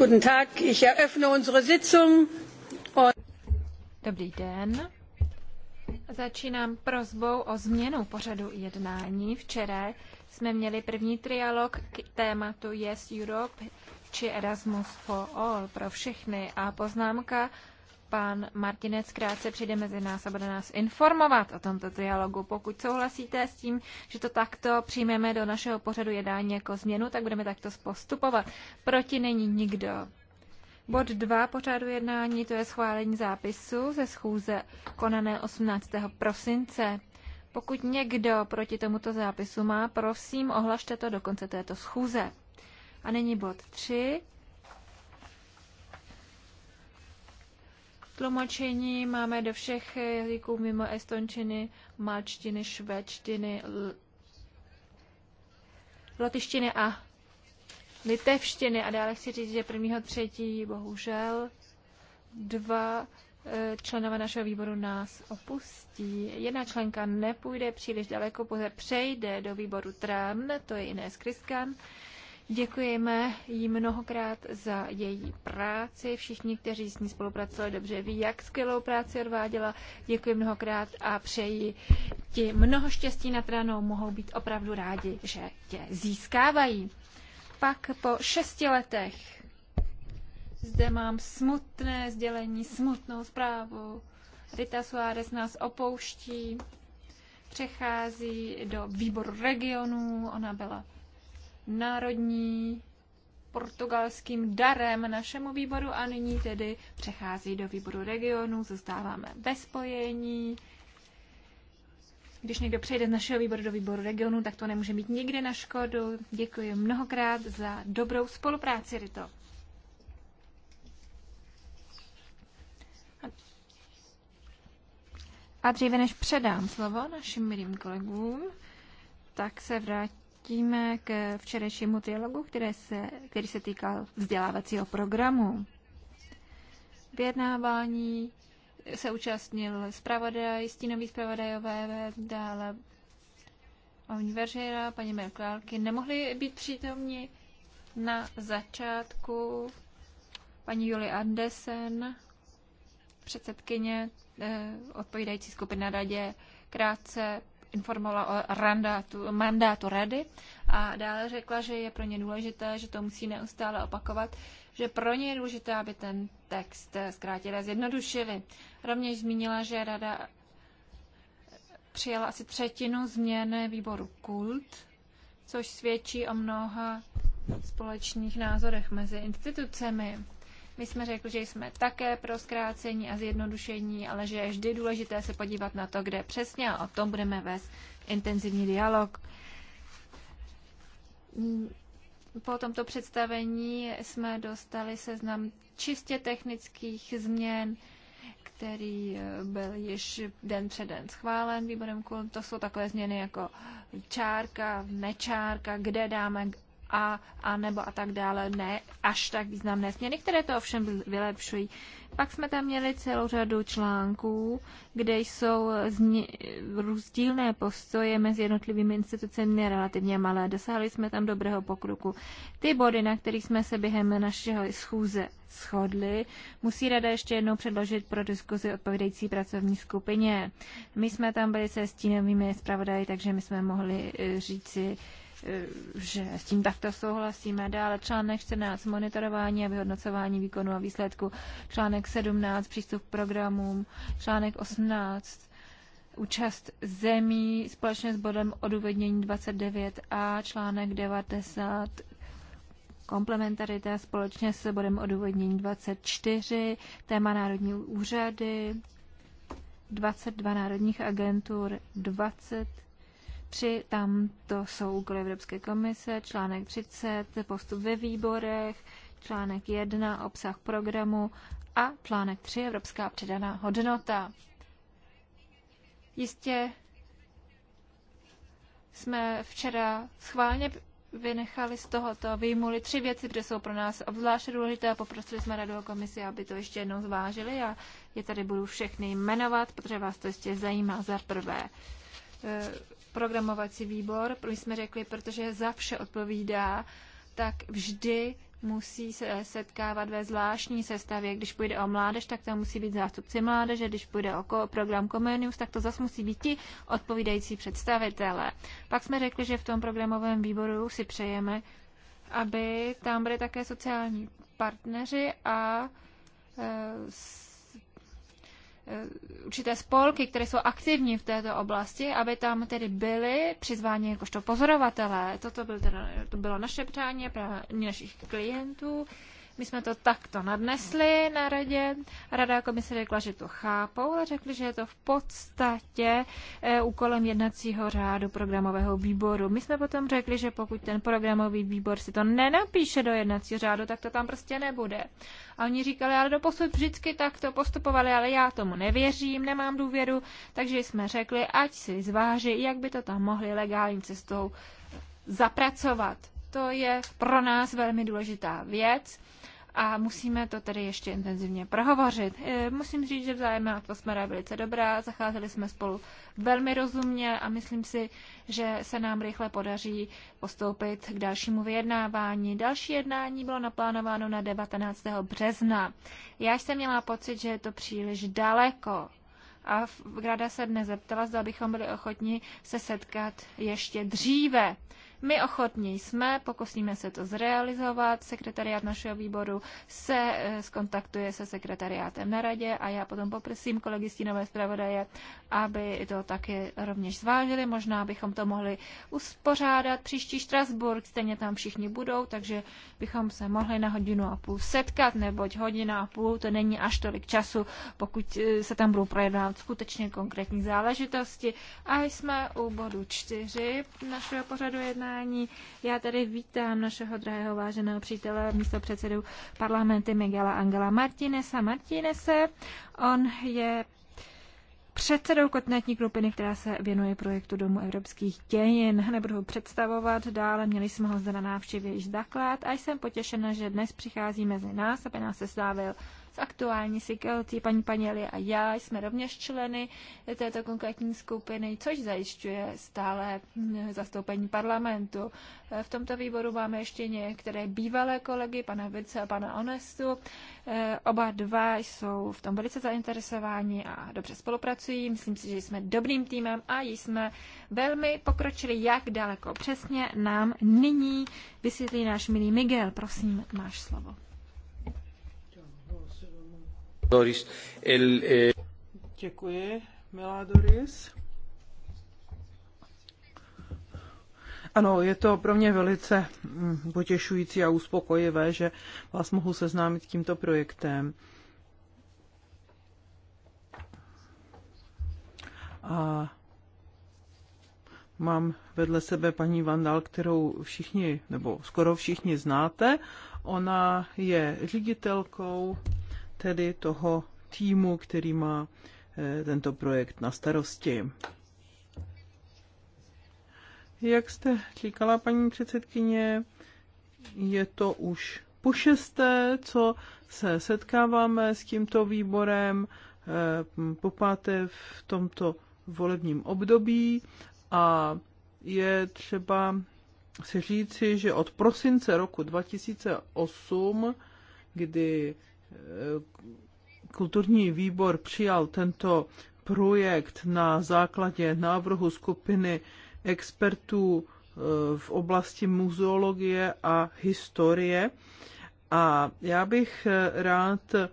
Guten Tag, ich eröffne unsere Sitzung. Dobrý den. Začínám prozbou o změnu pořadu jednání. Včera jsme měli první trialog k tématu Yes Europe či Erasmus for All pro všechny a poznámka pan Martinec krátce přijde mezi nás a bude nás informovat o tomto dialogu. Pokud souhlasíte s tím, že to takto přijmeme do našeho pořadu jednání jako změnu, tak budeme takto postupovat. Proti není nikdo. Bod 2 pořadu jednání to je schválení zápisu ze schůze konané 18. prosince. Pokud někdo proti tomuto zápisu má, prosím, ohlašte to do konce této schůze. A nyní bod 3. Tlumočení máme do všech jazyků mimo estončiny, malčtiny, švédštiny, lotyštiny a litevštiny. A dále chci říct, že prvního třetí, bohužel, dva eh, členové našeho výboru nás opustí. Jedna členka nepůjde příliš daleko, pouze přejde do výboru tram. to je Inés Kriskan, Děkujeme jí mnohokrát za její práci. Všichni, kteří s ní spolupracovali, dobře ví, jak skvělou práci odváděla. Děkuji mnohokrát a přeji ti mnoho štěstí na tranou. Mohou být opravdu rádi, že tě získávají. Pak po šesti letech zde mám smutné sdělení, smutnou zprávu. Rita Suárez nás opouští, přechází do výboru regionů. Ona byla národní portugalským darem našemu výboru a nyní tedy přechází do výboru regionu, zůstáváme ve spojení. Když někdo přejde z našeho výboru do výboru regionu, tak to nemůže mít nikdy na škodu. Děkuji mnohokrát za dobrou spolupráci, Rito. A dříve než předám slovo našim milým kolegům, tak se vrátím vrátíme k včerejšímu dialogu, které se, který se týkal vzdělávacího programu. Vyjednávání se účastnil zpravodaj, stínový zpravodajové, dále univerzita, Veřejra, paní Merkelky nemohli být přítomni na začátku paní Julie Andesen, předsedkyně eh, odpovídající skupiny na radě, krátce informovala o randátu, mandátu rady a dále řekla, že je pro ně důležité, že to musí neustále opakovat, že pro ně je důležité, aby ten text zkrátili a zjednodušili. Rovněž zmínila, že rada přijala asi třetinu změn výboru KULT, což svědčí o mnoha společných názorech mezi institucemi. My jsme řekli, že jsme také pro zkrácení a zjednodušení, ale že je vždy důležité se podívat na to, kde přesně a o tom budeme vést intenzivní dialog. Po tomto představení jsme dostali seznam čistě technických změn, který eh, byl již den před den schválen výborem kultu. To jsou takové změny jako čárka, nečárka, kde dáme a, a nebo a tak dále, ne až tak významné změny, které to ovšem vylepšují. Pak jsme tam měli celou řadu článků, kde jsou zni- rozdílné postoje mezi jednotlivými institucemi relativně malé. Dosáhli jsme tam dobrého pokroku. Ty body, na kterých jsme se během našeho schůze shodli, musí rada ještě jednou předložit pro diskuzi odpovědající pracovní skupině. My jsme tam byli se stínovými zpravodaji, takže my jsme mohli eh, říci, E, že s tím takto souhlasíme. Dále článek 14 monitorování a vyhodnocování výkonu a výsledku, článek 17 přístup k programům, článek 18 účast zemí společně s bodem odůvodnění 29 a článek 90 komplementarita společně s bodem odůvodnění 24, téma národní úřady, 22 národních agentur, 20 3, tam to jsou úkoly Evropské komise, článek 30, postup ve výborech, článek 1, obsah programu a článek 3, Evropská předaná hodnota. Jistě jsme včera schválně vynechali z tohoto, vyjmuli tři věci, které jsou pro nás obzvláště důležité a poprosili jsme radu a komisi, aby to ještě jednou zvážili a je tady budu všechny jmenovat, protože vás to ještě zajímá za prvé programovací výbor, my jsme řekli, protože za vše odpovídá, tak vždy musí se setkávat ve zvláštní sestavě. Když půjde o mládež, tak tam musí být zástupci mládeže, když půjde o program Comenius, tak to zase musí být ti odpovídající představitelé. Pak jsme řekli, že v tom programovém výboru si přejeme, aby tam byly také sociální partneři a e, Eh, určité spolky, které jsou aktivní v této oblasti, aby tam tedy byly přizváni jakožto pozorovatelé. Toto byl teda, to bylo naše přání, právě našich klientů. My jsme to takto nadnesli na radě. Rada a komise řekla, že to chápou a řekli, že je to v podstatě eh, úkolem jednacího řádu programového výboru. My jsme potom řekli, že pokud ten programový výbor si to nenapíše do jednacího řádu, tak to tam prostě nebude. A oni říkali, ale doposud vždycky takto postupovali, ale já tomu nevěřím, nemám důvěru, takže jsme řekli, ať si zváží, jak by to tam mohli legální cestou eh, zapracovat. To je pro nás velmi důležitá věc a musíme to tedy ještě intenzivně prohovořit. E, musím říct, že vzájemná atmosféra je velice dobrá, zacházeli jsme spolu velmi rozumně a myslím si, že se nám rychle podaří postoupit k dalšímu vyjednávání. Další jednání bylo naplánováno na 19. března. Já jsem měla pocit, že je to příliš daleko. A Grada se dnes zeptala, zda bychom byli ochotni se setkat ještě dříve. My ochotní jsme, pokusíme se to zrealizovat. Sekretariát našeho výboru se eh, skontaktuje se sekretariátem na radě a já potom poprosím kolegy stínové zpravodaje, aby to taky rovněž zvážili. Možná bychom to mohli uspořádat příští Štrasburg, stejně tam všichni budou, takže bychom se mohli na hodinu a půl setkat, neboť hodina a půl to není až tolik času, pokud eh, se tam budou projednávat skutečně konkrétní záležitosti. A jsme u bodu čtyři našeho pořadu jedna jednání. Já tady vítám našeho drahého váženého přítele, místo předsedu parlamenty Miguela Angela Martinesa. Martinese, on je předsedou kotnetní klupiny, která se věnuje projektu Domu evropských dějin. Nebudu ho představovat dále, měli jsme ho zde na návštěvě již zaklad a jsem potěšena, že dnes přichází mezi nás, aby nás seslávil aktuální security. Paní Paněli a já jsme rovněž členy této konkrétní skupiny, což zajišťuje stále zastoupení parlamentu. V tomto výboru máme ještě některé bývalé kolegy, pana Vice a pana Onestu. Eh, oba dva jsou v tom velice zainteresováni a dobře spolupracují. Myslím si, že jsme dobrým týmem a jsme velmi pokročili, jak daleko. Přesně nám nyní vysvětlí náš milý Miguel. Prosím, máš slovo. Doris, el, eh... Děkuji, milá Doris. Ano, je to pro mě velice mm, potěšující a uspokojivé, že vás mohu seznámit s tímto projektem. A mám vedle sebe paní Vandal, kterou všichni, nebo skoro všichni znáte. Ona je ředitelkou tedy toho týmu, který má eh, tento projekt na starosti. Jak jste říkala, paní předsedkyně, je to už po šesté, co se setkáváme s tímto výborem, eh, po páté v tomto volebním období a je třeba si říci, že od prosince roku 2008, kdy kulturní výbor přijal tento projekt na základě návrhu skupiny expertů e, v oblasti muzeologie a historie. A já bych e, rád e,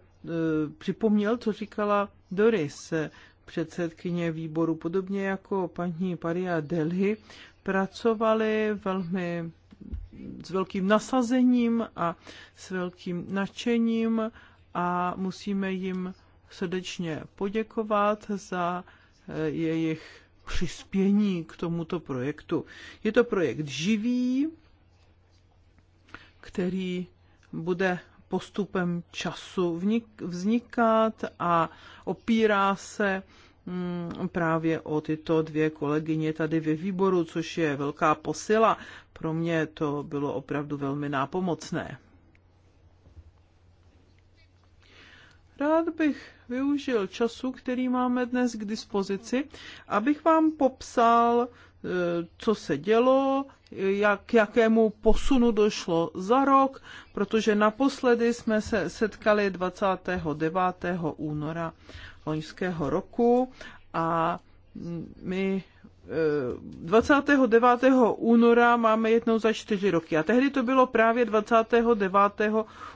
připomněl, co říkala Doris, předsedkyně výboru, podobně jako paní Paria Delhi, pracovali velmi s velkým nasazením a s velkým nadšením a musíme jim srdečně poděkovat za eh, jejich přispění k tomuto projektu. Je to projekt živý, který bude postupem času vznikat a opírá se mm, právě o tyto dvě kolegyně tady ve výboru, což je velká posila. Pro mě to bylo opravdu velmi nápomocné. Rád bych využil času, který máme dnes k dispozici, abych vám popsal, e, co se dělo, jak, k jakému posunu došlo za rok, protože naposledy jsme se setkali 29. února loňského roku a my 29. února máme jednou za čtyři roky. A tehdy to bylo právě 29.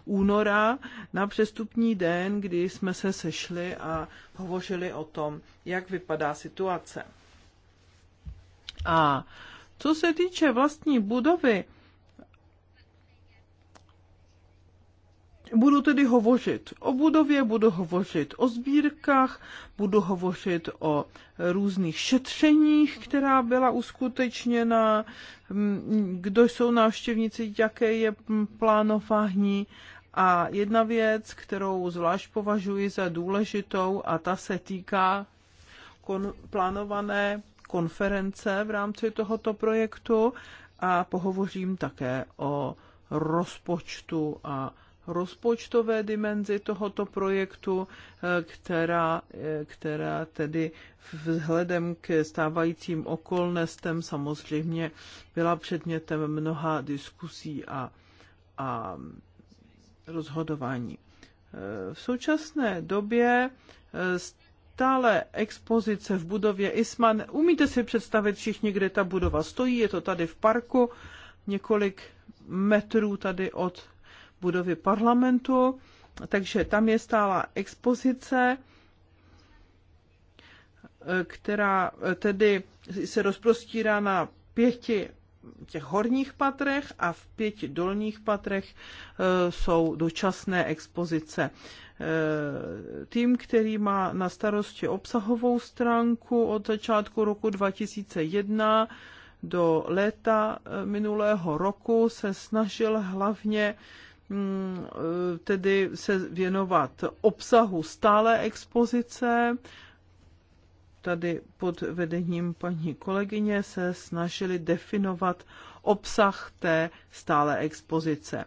února na přestupní den, kdy jsme se sešli a hovořili o tom, jak vypadá situace. A co se týče vlastní budovy, Budu tedy hovořit o budově, budu hovořit o sbírkách, budu hovořit o různých šetřeních, která byla uskutečněna, mm, kdo jsou návštěvníci, jaké je plánování. A jedna věc, kterou zvlášť považuji za důležitou, a ta se týká kon- plánované konference v rámci tohoto projektu, a pohovořím také o rozpočtu a rozpočtové dimenzi tohoto projektu, eh, která, eh, která tedy vzhledem k stávajícím okolnostem samozřejmě byla předmětem mnoha diskusí a, a rozhodování. Eh, v současné době stále expozice v budově Isman. Umíte si představit všichni, kde ta budova stojí? Je to tady v parku, několik metrů tady od budovy parlamentu, takže tam je stála expozice, která tedy se rozprostírá na pěti těch horních patrech a v pěti dolních patrech e, jsou dočasné expozice. E, tým, který má na starosti obsahovou stránku od začátku roku 2001 do léta e, minulého roku, se snažil hlavně Mm, e, tedy se věnovat obsahu stále expozice. Tady pod vedením paní kolegyně se snažili definovat obsah té stále expozice.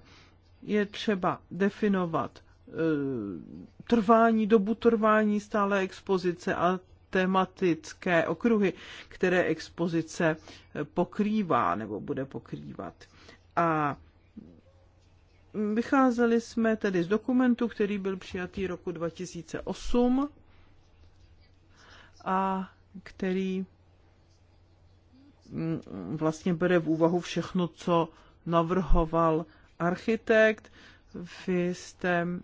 Je třeba definovat e, trvání, dobu trvání stále expozice a tematické okruhy, které expozice pokrývá nebo bude pokrývat. A Vycházeli jsme tedy z dokumentu, který byl přijatý roku 2008 a který mm, vlastně bere v úvahu všechno, co navrhoval architekt. Vy jste mm,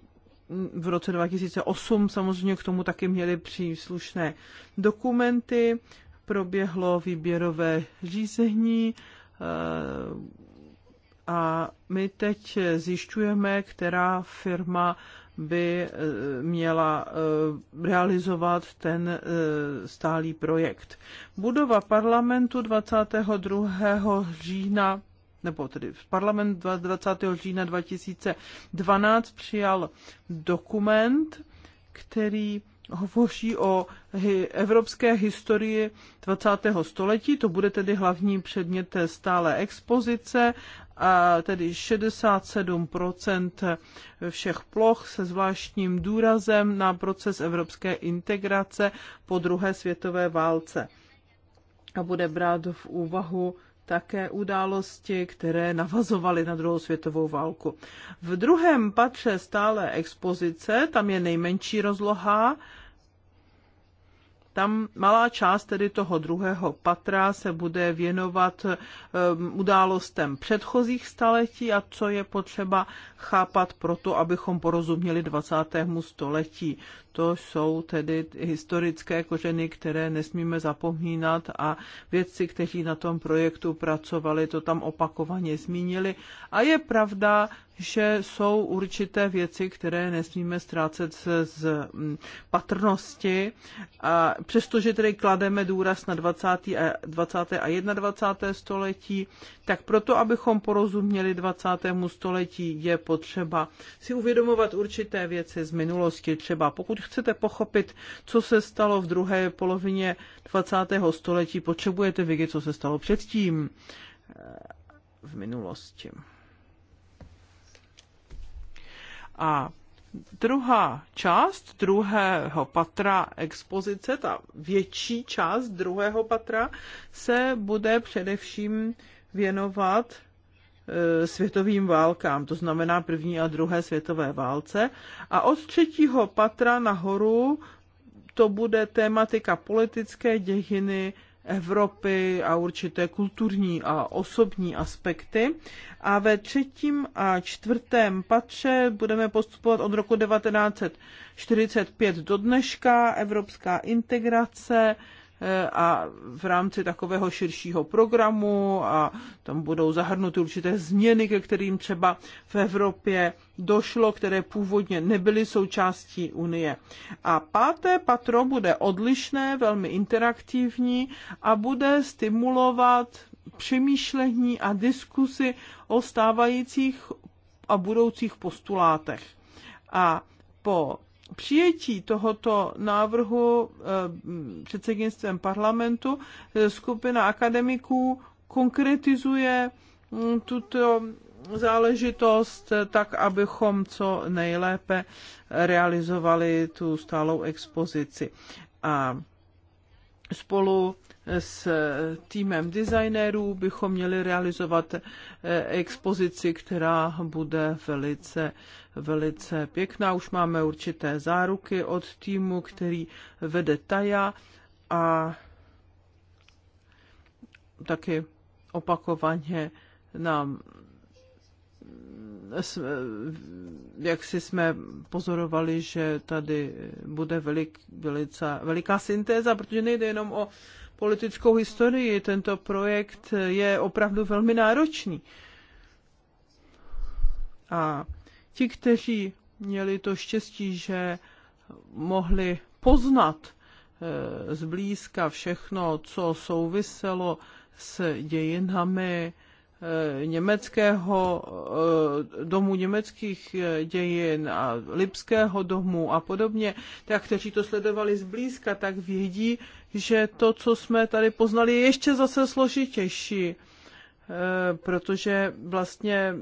v roce 2008 samozřejmě k tomu taky měli příslušné dokumenty, proběhlo výběrové řízení, eh, a my teď zjišťujeme, která firma by e, měla e, realizovat ten e, stálý projekt. Budova parlamentu 22. října nebo tedy parlament 20. října 2012 přijal dokument, který hovoří o evropské historii 20. století. To bude tedy hlavní předmět té stále expozice, a tedy 67 všech ploch se zvláštním důrazem na proces evropské integrace po druhé světové válce. A bude brát v úvahu také události, které navazovaly na druhou světovou válku. V druhém patře stále expozice, tam je nejmenší rozloha, tam malá část tedy toho druhého patra se bude věnovat ehm, událostem předchozích staletí a co je potřeba chápat proto, abychom porozuměli 20. století to jsou tedy historické kořeny, které nesmíme zapomínat a vědci, kteří na tom projektu pracovali, to tam opakovaně zmínili. A je pravda, že jsou určité věci, které nesmíme ztrácet z, z mm, patrnosti. A přestože tedy klademe důraz na 20. a, 20. a 21. století, tak proto, abychom porozuměli 20. století, je potřeba si uvědomovat určité věci z minulosti. Třeba pokud chcete pochopit, co se stalo v druhé polovině 20. století, potřebujete vědět, co se stalo předtím eh, v minulosti. A druhá část druhého patra expozice, ta větší část druhého patra, se bude především věnovat E, světovým válkám, to znamená první a druhé světové válce. A od třetího patra nahoru to bude tématika politické dějiny Evropy a určité kulturní a osobní aspekty. A ve třetím a čtvrtém patře budeme postupovat od roku 1945 do dneška, evropská integrace, a v rámci takového širšího programu a tam budou zahrnuty určité změny, ke kterým třeba v Evropě došlo, které původně nebyly součástí Unie. A páté patro bude odlišné, velmi interaktivní a bude stimulovat přemýšlení a diskusy o stávajících a budoucích postulátech. A po Přijetí tohoto návrhu eh, předsednictvem parlamentu eh, skupina akademiků konkretizuje mm, tuto záležitost eh, tak, abychom co nejlépe realizovali tu stálou expozici. A spolu s týmem designérů bychom měli realizovat eh, expozici, která bude velice, velice pěkná. Už máme určité záruky od týmu, který vede Taja a taky opakovaně nám jak si jsme pozorovali, že tady bude velik, velice, veliká syntéza, protože nejde jenom o politickou historii. Tento projekt je opravdu velmi náročný. A ti, kteří měli to štěstí, že mohli poznat eh, zblízka všechno, co souviselo s dějinami Eh, německého eh, domu německých eh, dějin a Lipského domu a podobně, tak kteří to sledovali zblízka, tak vědí, že to, co jsme tady poznali, je ještě zase složitější, protože vlastně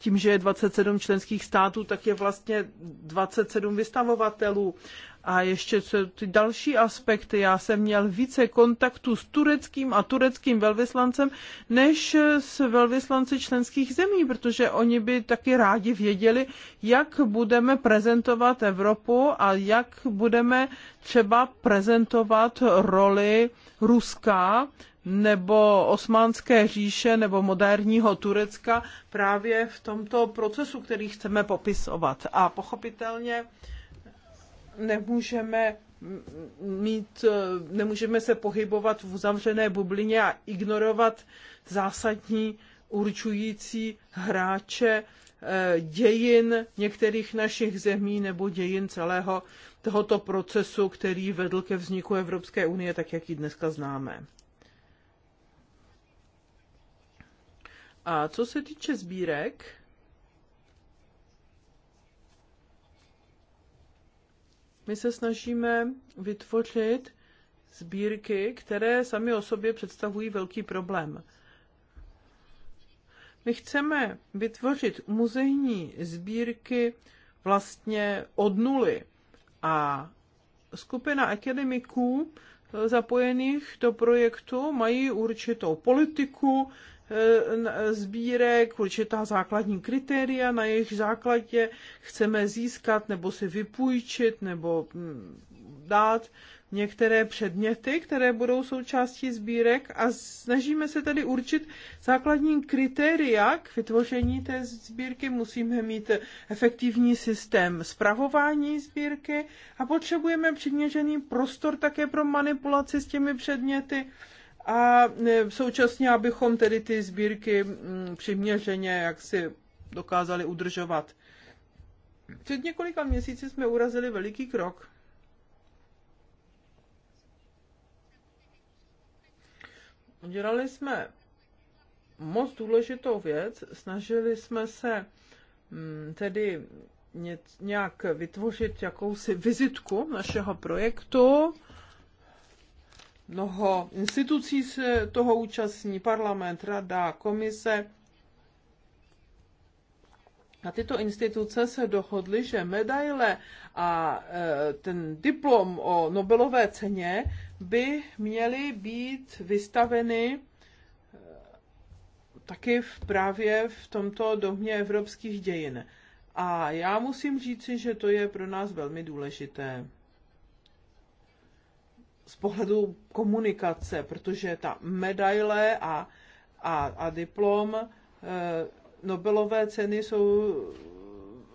tím, že je 27 členských států, tak je vlastně 27 vystavovatelů a ještě co ty další aspekty. Já jsem měl více kontaktů s tureckým a tureckým velvyslancem, než s velvyslanci členských zemí, protože oni by taky rádi věděli, jak budeme prezentovat Evropu a jak budeme třeba prezentovat roli Ruska nebo Osmánské říše nebo moderního Turecka právě v tomto procesu, který chceme popisovat. A pochopitelně nemůžeme mít, nemůžeme se pohybovat v uzavřené bublině a ignorovat zásadní určující hráče eh, dějin některých našich zemí nebo dějin celého tohoto procesu, který vedl ke vzniku Evropské unie, tak jak ji dneska známe. A co se týče sbírek, My se snažíme vytvořit sbírky, které sami o sobě představují velký problém. My chceme vytvořit muzejní sbírky vlastně od nuly a skupina akademiků zapojených do projektu mají určitou politiku, Eh, sbírek, určitá základní kritéria, na jejich základě chceme získat nebo si vypůjčit nebo mm, dát některé předměty, které budou součástí sbírek a snažíme se tedy určit základní kritéria k vytvoření té sbírky. Musíme mít efektivní systém zpravování sbírky a potřebujeme přiměřený prostor také pro manipulaci s těmi předměty a e, současně, abychom tedy ty sbírky přiměřeně jak si dokázali udržovat. Před několika měsíci jsme urazili veliký krok. Udělali jsme moc důležitou věc, snažili jsme se tedy nějak vytvořit jakousi vizitku našeho projektu, Mnoho institucí se toho účastní, parlament, rada, komise. A tyto instituce se dohodly, že medaile a e, ten diplom o Nobelové ceně by měly být vystaveny e, taky v právě v tomto domě evropských dějin. A já musím říci, že to je pro nás velmi důležité z pohledu komunikace, protože ta medaile a, a, a diplom e, Nobelové ceny jsou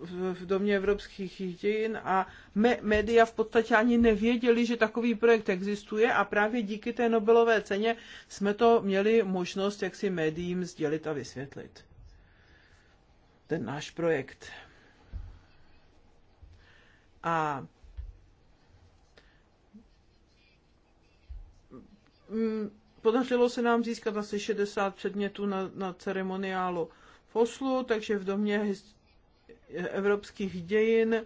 v, v Domě evropských dějin a me, média v podstatě ani nevěděli, že takový projekt existuje a právě díky té Nobelové ceně jsme to měli možnost jak si médiím sdělit a vysvětlit. Ten náš projekt. A Mm, podařilo se nám získat asi 60 předmětů na, na ceremoniálu v Oslu, takže v domě evropských dějin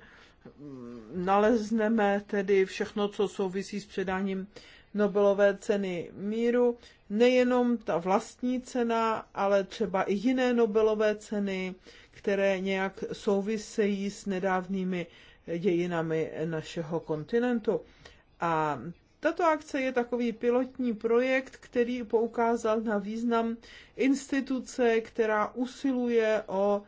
mm, nalezneme tedy všechno, co souvisí s předáním Nobelové ceny míru. Nejenom ta vlastní cena, ale třeba i jiné Nobelové ceny, které nějak souvisejí s nedávnými dějinami našeho kontinentu. A tato akce je takový pilotní projekt, který poukázal na význam instituce, která usiluje o,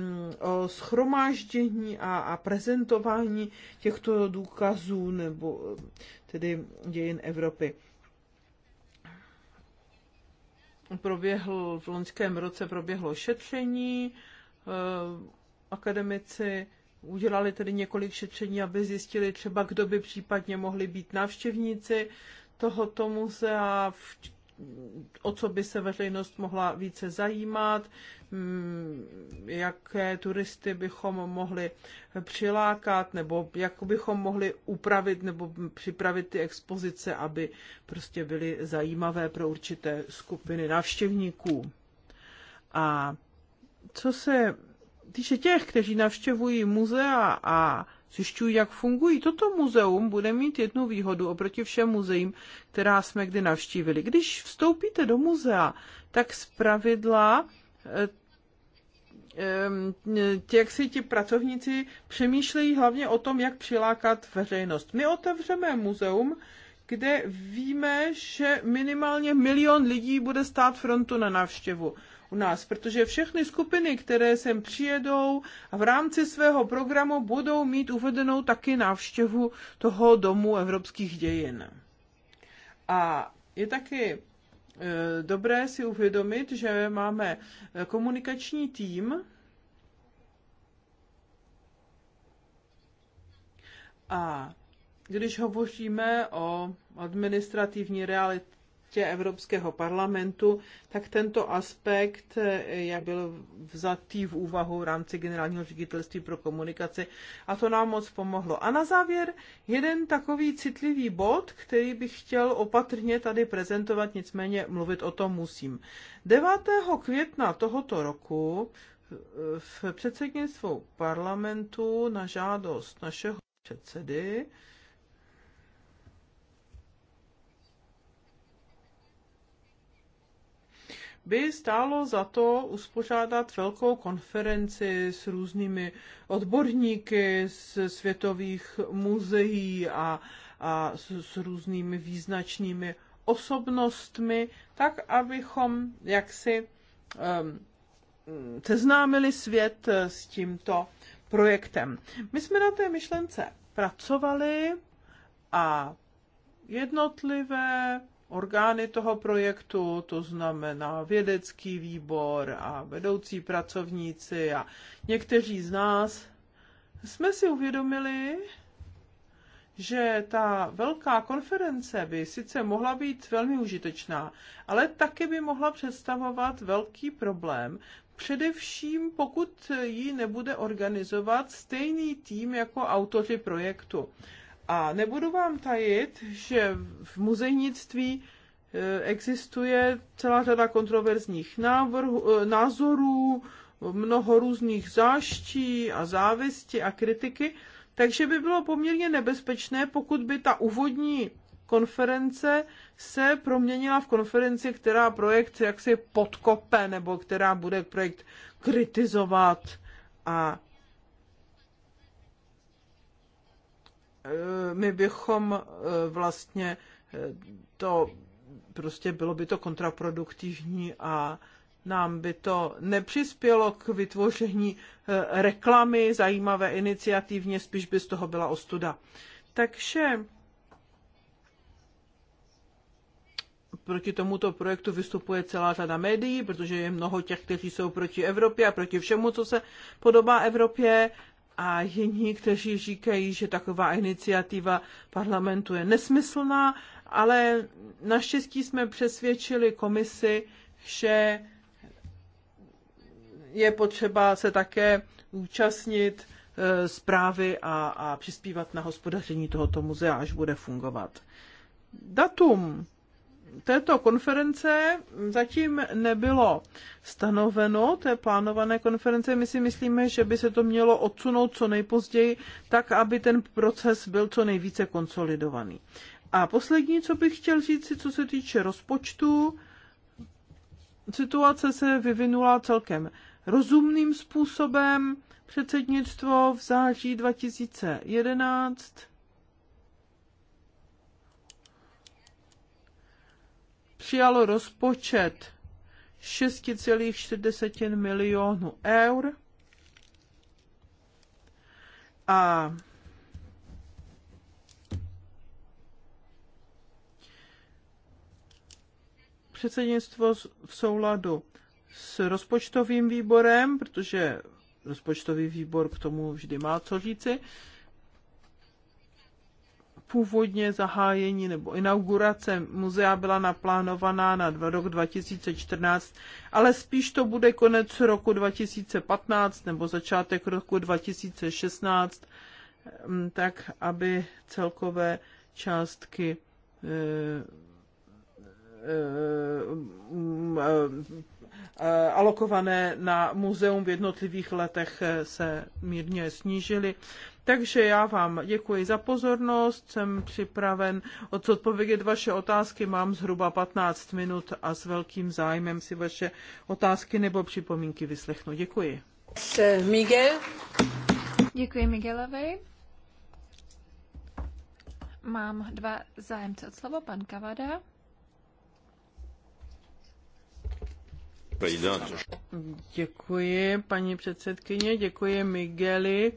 um, o schromáždění a, a prezentování těchto důkazů nebo tedy dějin Evropy. Proběhl, v loňském roce proběhlo šetření, eh, akademici udělali tedy několik šetření, aby zjistili třeba, kdo by případně mohli být návštěvníci tohoto muzea, o co by se veřejnost mohla více zajímat, mm, jaké turisty bychom mohli přilákat, nebo jak bychom mohli upravit nebo připravit ty expozice, aby prostě byly zajímavé pro určité skupiny návštěvníků. A co se týče těch, kteří navštěvují muzea a zjišťují, jak fungují, toto muzeum bude mít jednu výhodu oproti všem muzeím, která jsme kdy navštívili. Když vstoupíte do muzea, tak z pravidla eh, eh, ti, jak si ti pracovníci přemýšlejí hlavně o tom, jak přilákat veřejnost. My otevřeme muzeum, kde víme, že minimálně milion lidí bude stát frontu na návštěvu u nás, protože všechny skupiny, které sem přijedou a v rámci svého programu budou mít uvedenou taky návštěvu toho domu evropských dějin. A je taky e, dobré si uvědomit, že máme e, komunikační tým, A když hovoříme o administrativní aktě Evropského parlamentu, tak tento aspekt eh, jak byl vzatý v úvahu v rámci generálního ředitelství pro komunikaci a to nám moc pomohlo. A na závěr jeden takový citlivý bod, který bych chtěl opatrně tady prezentovat, nicméně mluvit o tom musím. 9. května tohoto roku eh, v předsednictvu parlamentu na žádost našeho předsedy by stálo za to uspořádat velkou konferenci s různými odborníky z světových muzeí a, a s, s různými význačnými osobnostmi, tak abychom jaksi um, seznámili svět eh, s tímto projektem. My jsme na té myšlence pracovali a jednotlivé orgány toho projektu, to znamená vědecký výbor a vedoucí pracovníci a někteří z nás, jsme si uvědomili, že ta velká konference by sice mohla být velmi užitečná, ale taky by mohla představovat velký problém, především pokud ji nebude organizovat stejný tým jako autoři projektu. A nebudu vám tajit, že v muzejnictví eh, existuje celá řada kontroverzních návrhu, eh, názorů, mnoho různých záští a závisti a kritiky, takže by bylo poměrně nebezpečné, pokud by ta úvodní konference se proměnila v konferenci, která projekt jaksi podkope nebo která bude projekt kritizovat a Eh, my bychom eh, vlastně eh, to prostě bylo by to kontraproduktivní a nám by to nepřispělo k vytvoření reklamy zajímavé iniciativně, spíš by z toho byla ostuda. Takže proti tomuto projektu vystupuje celá řada médií, protože je mnoho těch, kteří jsou proti Evropě a proti všemu, co se podobá Evropě a jiní, kteří říkají, že taková iniciativa parlamentu je nesmyslná, ale naštěstí jsme přesvědčili komisi, že je potřeba se také účastnit eh, zprávy a, a přispívat na hospodaření tohoto muzea, až bude fungovat. Datum této konference zatím nebylo stanoveno, té plánované konference. My si myslíme, že by se to mělo odsunout co nejpozději, tak aby ten proces byl co nejvíce konsolidovaný. A poslední, co bych chtěl říct, co se týče rozpočtu, situace se vyvinula celkem rozumným způsobem. Předsednictvo v září 2011 přijalo rozpočet 6,4 milionů eur a předsednictvo v souladu s rozpočtovým výborem, protože rozpočtový výbor k tomu vždy má co říci, původně zahájení nebo inaugurace muzea byla naplánovaná na rok 2014, ale spíš to bude konec roku 2015 nebo začátek roku 2016, mm, tak aby celkové částky eh, eh, mm, eh, Eh, alokované na muzeum v jednotlivých letech eh, se mírně snížily. Takže já vám děkuji za pozornost, jsem připraven odpovědět vaše otázky, mám zhruba 15 minut a s velkým zájmem si vaše otázky nebo připomínky vyslechnu. Děkuji. Miguel. Děkuji Miguelovi. Mám dva zájemce od slovo, pan Kavada. Děkuji, paní předsedkyně, děkuji Migueli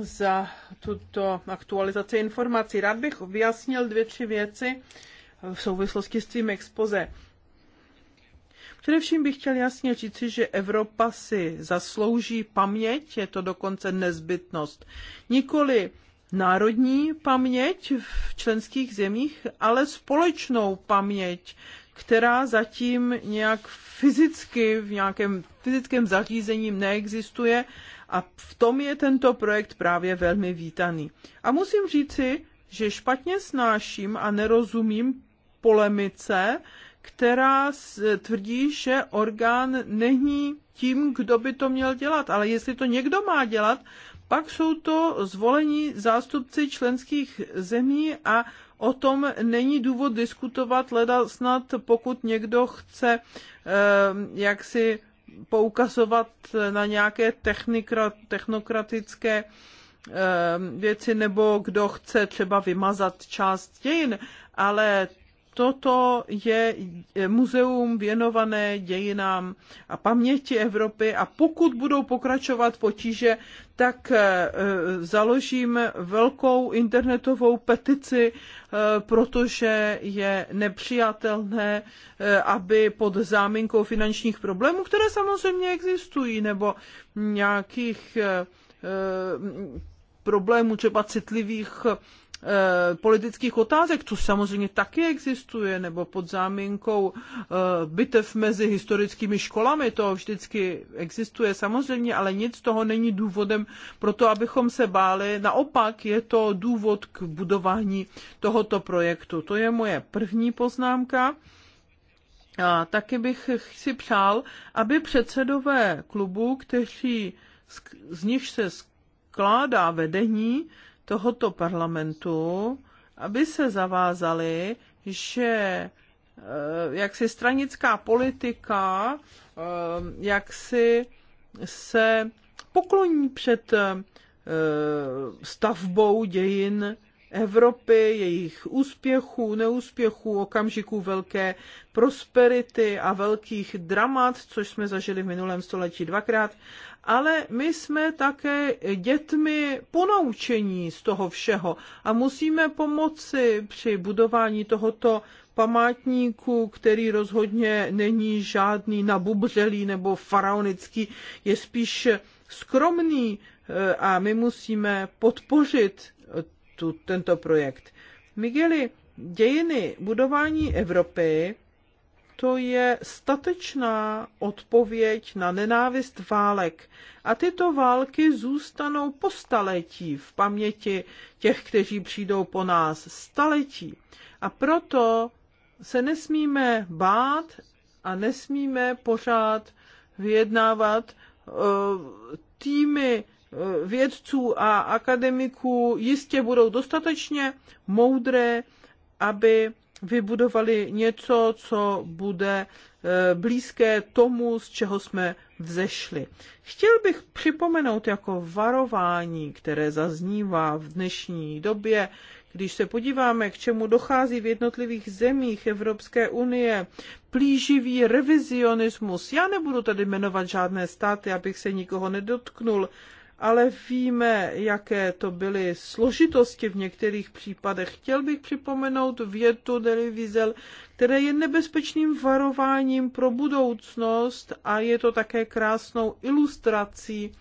za tuto aktualizaci informací. Rád bych vyjasnil dvě, tři věci v souvislosti s tím expoze. Především bych chtěl jasně říci, že Evropa si zaslouží paměť, je to dokonce nezbytnost. Nikoli národní paměť v členských zemích, ale společnou paměť, která zatím nějak v fyzicky v nějakém fyzickém zařízení neexistuje a v tom je tento projekt právě velmi vítaný. A musím říci, že špatně snáším a nerozumím polemice, která tvrdí, že orgán není tím, kdo by to měl dělat. Ale jestli to někdo má dělat, pak jsou to zvolení zástupci členských zemí a o tom není důvod diskutovat, leda snad pokud někdo chce eh, jak si poukazovat na nějaké technokratické eh, věci, nebo kdo chce třeba vymazat část dějin, ale Toto je muzeum věnované dějinám a paměti Evropy a pokud budou pokračovat potíže, tak eh, založím velkou internetovou petici, eh, protože je nepřijatelné, eh, aby pod záminkou finančních problémů, které samozřejmě existují, nebo nějakých problémů třeba citlivých Eh, politických otázek, což samozřejmě taky existuje, nebo pod záminkou eh, bitev mezi historickými školami, to vždycky existuje samozřejmě, ale nic z toho není důvodem pro to, abychom se báli. Naopak je to důvod k budování tohoto projektu. To je moje první poznámka. A taky bych si přál, aby předsedové klubů, kteří z, z nich se skládá vedení, tohoto parlamentu, aby se zavázali, že eh, jak si stranická politika eh, jak si se pokloní před eh, stavbou dějin Evropy, jejich úspěchů, neúspěchů, okamžiků velké prosperity a velkých dramat, což jsme zažili v minulém století dvakrát, ale my jsme také dětmi ponaučení z toho všeho a musíme pomoci při budování tohoto památníku, který rozhodně není žádný nabubřelý nebo faraonický, je spíš skromný eh, a my musíme podpořit tu, tento projekt. Migueli, dějiny budování Evropy, to je statečná odpověď na nenávist válek. A tyto války zůstanou po staletí v paměti těch, kteří přijdou po nás. Staletí. A proto se nesmíme bát a nesmíme pořád vyjednávat eh, týmy Eh, vědců a akademiků jistě budou dostatečně moudré, aby vybudovali něco, co bude eh, blízké tomu, z čeho jsme vzešli. Chtěl bych připomenout jako varování, které zaznívá v dnešní době, když se podíváme, k čemu dochází v jednotlivých zemích Evropské unie, plíživý revizionismus, já nebudu tady jmenovat žádné státy, abych se nikoho nedotknul, ale víme, jaké to byly složitosti v některých případech. Chtěl bych připomenout větu Deli Wiesel, které je nebezpečným varováním pro budoucnost a je to také krásnou ilustrací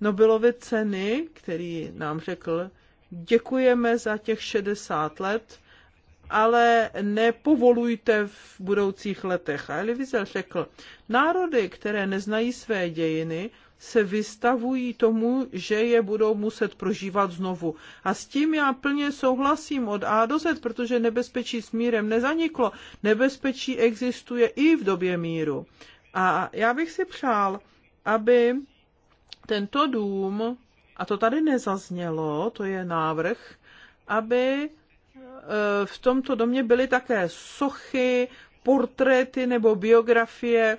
Nobelovy ceny, který nám řekl, děkujeme za těch 60 let, ale nepovolujte v budoucích letech. A Elivizel řekl, národy, které neznají své dějiny, se vystavují tomu, že je budou muset prožívat znovu. A s tím já plně souhlasím od A do Z, protože nebezpečí s mírem nezaniklo. Nebezpečí existuje i v době míru. A já bych si přál, aby tento dům, a to tady nezaznělo, to je návrh, aby eh, v tomto domě byly také sochy, portréty nebo biografie eh,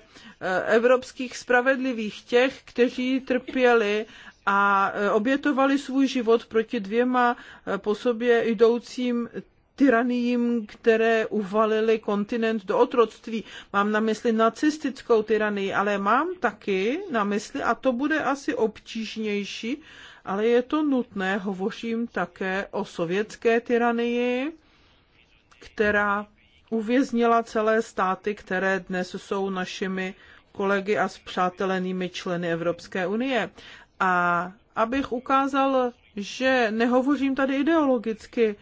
evropských spravedlivých těch, kteří trpěli a eh, obětovali svůj život proti dvěma eh, po sobě jdoucím tyraniím, které uvalily kontinent do otroctví. Mám na mysli nacistickou tyranii, ale mám taky na mysli, a to bude asi obtížnější, ale je to nutné, hovořím také o sovětské tyranii, která uvěznila celé státy, které dnes jsou našimi kolegy a spřátelenými členy Evropské unie. A abych ukázal, že nehovořím tady ideologicky,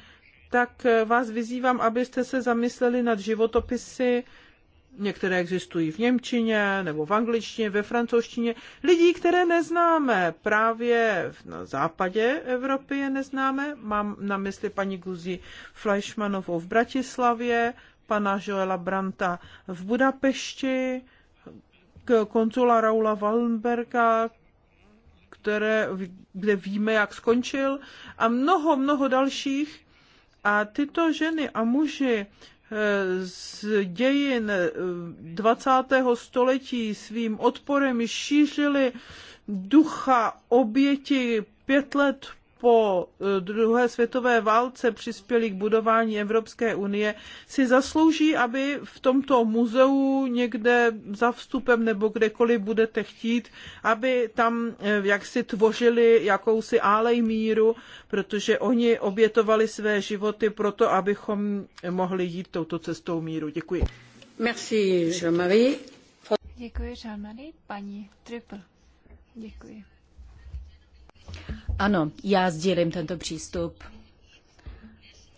tak vás vyzývám, abyste se zamysleli nad životopisy, některé existují v Němčině nebo v angličtině, ve francouzštině, lidí, které neznáme právě na západě Evropy je neznáme, mám na mysli paní Guzi Fleischmanovou v Bratislavě, pana Joela Branta v Budapešti, k konzula Raula Wallenberga, které, kde víme, jak skončil, a mnoho, mnoho dalších. A tyto ženy a muži eh, z dějin 20. Eh, století svým odporem šířili ducha oběti pět let po eh, druhé světové válce přispěli k budování Evropské unie, si zaslouží, aby v tomto muzeu někde za vstupem nebo kdekoliv budete chtít, aby tam eh, jaksi tvořili jakousi álej míru, protože oni obětovali své životy proto, abychom mohli jít touto cestou míru. Děkuji. Merci, Jean-Marie. Děkuji, Jean-Marie. Paní Triple. Děkuji. Ano, já sdílím tento přístup,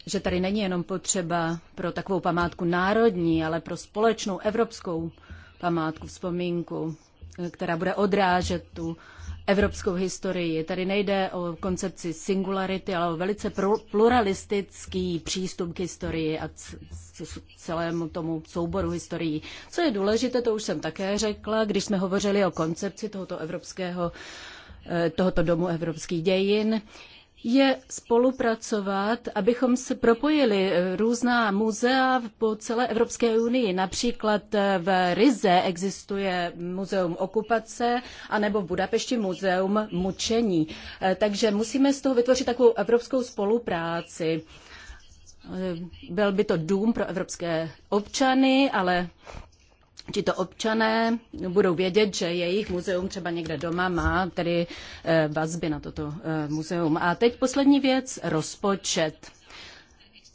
že tady není jenom potřeba pro takovou památku národní, ale pro společnou evropskou památku, vzpomínku, která bude odrážet tu evropskou historii. Tady nejde o koncepci singularity, ale o velice pluralistický přístup k historii a celému tomu souboru historií. Co je důležité, to už jsem také řekla, když jsme hovořili o koncepci tohoto evropského uh, Eh, tohoto domu evropských dějin, je spolupracovat, abychom se propojili eh, různá muzea po celé Evropské unii. Například eh, v Rize existuje muzeum okupace, anebo v Budapešti muzeum mučení. Takže musíme z toho vytvořit takovou evropskou spolupráci. Byl by to dům pro evropské občany, ale tito občané budou vědět, že jejich muzeum třeba někde doma má tedy eh, vazby na toto eh, muzeum. A teď poslední věc, rozpočet.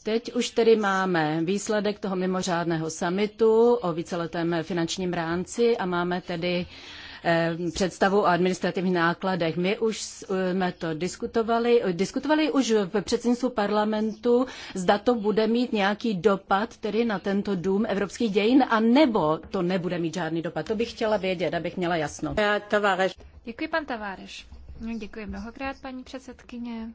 Teď už tedy máme výsledek toho mimořádného summitu o víceletém finančním rámci a máme tedy uh, Eh, představu o administrativních nákladech. My už jsme to diskutovali, diskutovali už v předsednictvu parlamentu, zda to bude mít nějaký dopad tedy na tento dům evropských dějin, a nebo to nebude mít žádný dopad. To bych chtěla vědět, abych měla jasno. Taváreš. Děkuji, pan Taváreš. No, děkuji mnohokrát, paní předsedkyně.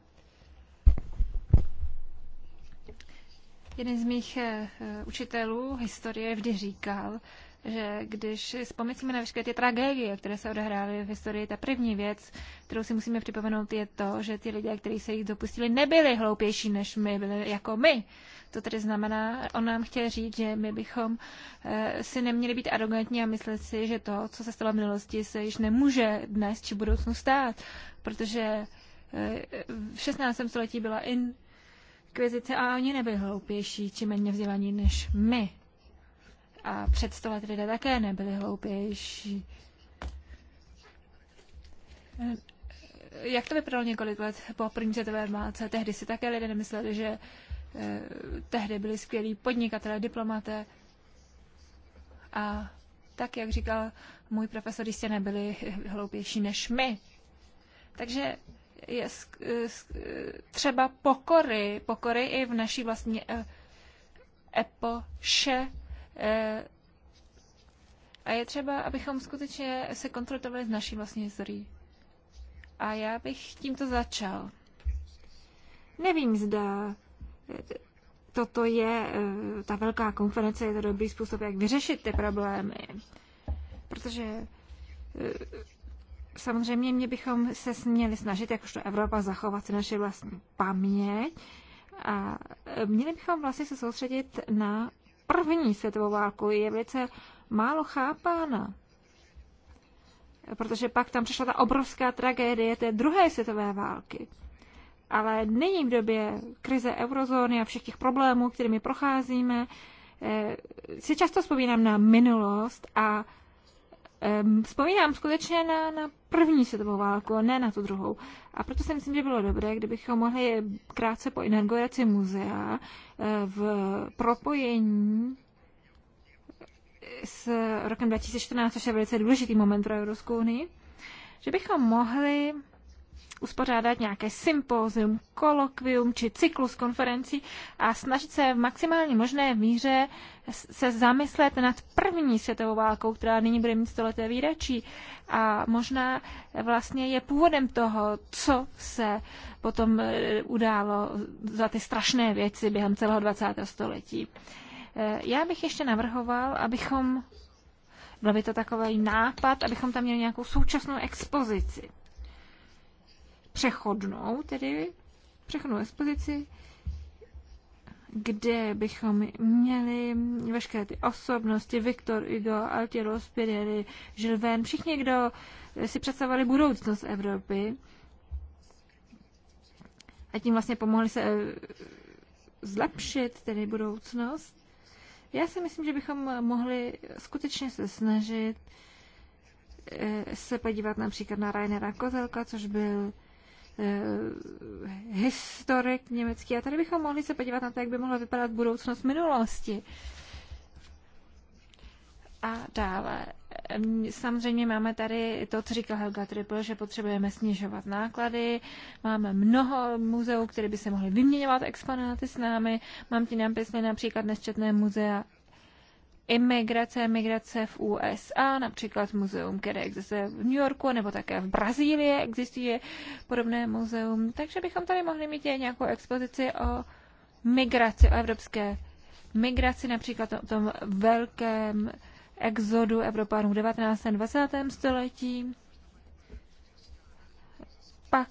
Jeden z mých eh, eh, učitelů historie vždy říkal, že když vzpomyslíme na všechny ty tragédie, které se odehrály v historii, ta první věc, kterou si musíme připomenout, je to, že ty lidé, kteří se jich dopustili, nebyli hloupější než my, byli jako my. To tedy znamená, on nám chtěl říct, že my bychom eh, si neměli být arrogantní a myslet si, že to, co se stalo v minulosti, se již nemůže dnes či budoucnu stát, protože eh, v 16. století byla in a oni nebyli hloupější či méně vzdělaní než my. A před sto lety lidé také nebyli hloupější. Jak to vypadalo několik let po první světové válce? Tehdy si také lidé nemysleli, že eh, tehdy byli skvělí podnikatelé, diplomaté. A tak, jak říkal můj profesor, jistě nebyli hloupější než my. Takže je třeba pokory, pokory i v naší vlastní eh, epoše E, a je třeba, abychom skutečně se konfrontovali s naší vlastní historií. A já bych tímto začal. Nevím, zda toto je, e, ta velká konference je to dobrý způsob, jak vyřešit ty problémy. Protože e, samozřejmě mě bychom se měli snažit, jakožto Evropa, zachovat si naše vlastní paměť a měli bychom vlastně se soustředit na první světovou válku je věce málo chápána. Protože pak tam přišla ta obrovská tragédie té druhé světové války. Ale nyní v době krize eurozóny a všech těch problémů, kterými procházíme, eh, si často vzpomínám na minulost a Ehm, vzpomínám skutečně na, na první světovou válku, ne na tu druhou. A proto si myslím, že bylo dobré, kdybychom mohli krátce po inauguraci muzea eh, v propojení s rokem 2014, což je velice důležitý moment pro Evropskou unii, že bychom mohli uspořádat nějaké sympózium, kolokvium či cyklus konferencí a snažit se v maximálně možné míře se zamyslet nad první světovou válkou, která nyní bude mít stoleté výročí a možná vlastně je původem toho, co se potom e, událo za ty strašné věci během celého 20. století. E, já bych ještě navrhoval, abychom, byl by to takový nápad, abychom tam měli nějakou současnou expozici přechodnou, tedy přechodnou expozici, kde bychom měli veškeré ty osobnosti, Viktor Hugo, Altiero Spinelli, Žilven, Verne, všichni, kdo si představovali budoucnost Evropy a tím vlastně pomohli se eh, zlepšit tedy budoucnost. Já si myslím, že bychom mohli skutečně se snažit eh, se podívat například na Rainera Kozelka, což byl Eh, historik německý. A tady bychom mohli se podívat na to, jak by mohla vypadat budoucnost minulosti. A dále. Samozřejmě máme tady to, co říkal Helga Triple, že potřebujeme snižovat náklady. Máme mnoho muzeů, které by se mohly vyměňovat exponáty s námi. Mám ti napisny například nesčetné muzea imigrace, migrace v USA, například muzeum, které existuje v New Yorku, nebo také v Brazílii existuje podobné muzeum. Takže bychom tady mohli mít nějakou expozici o migraci, o evropské migraci, například o tom velkém exodu Evropánů v 19. a 20. století. Pak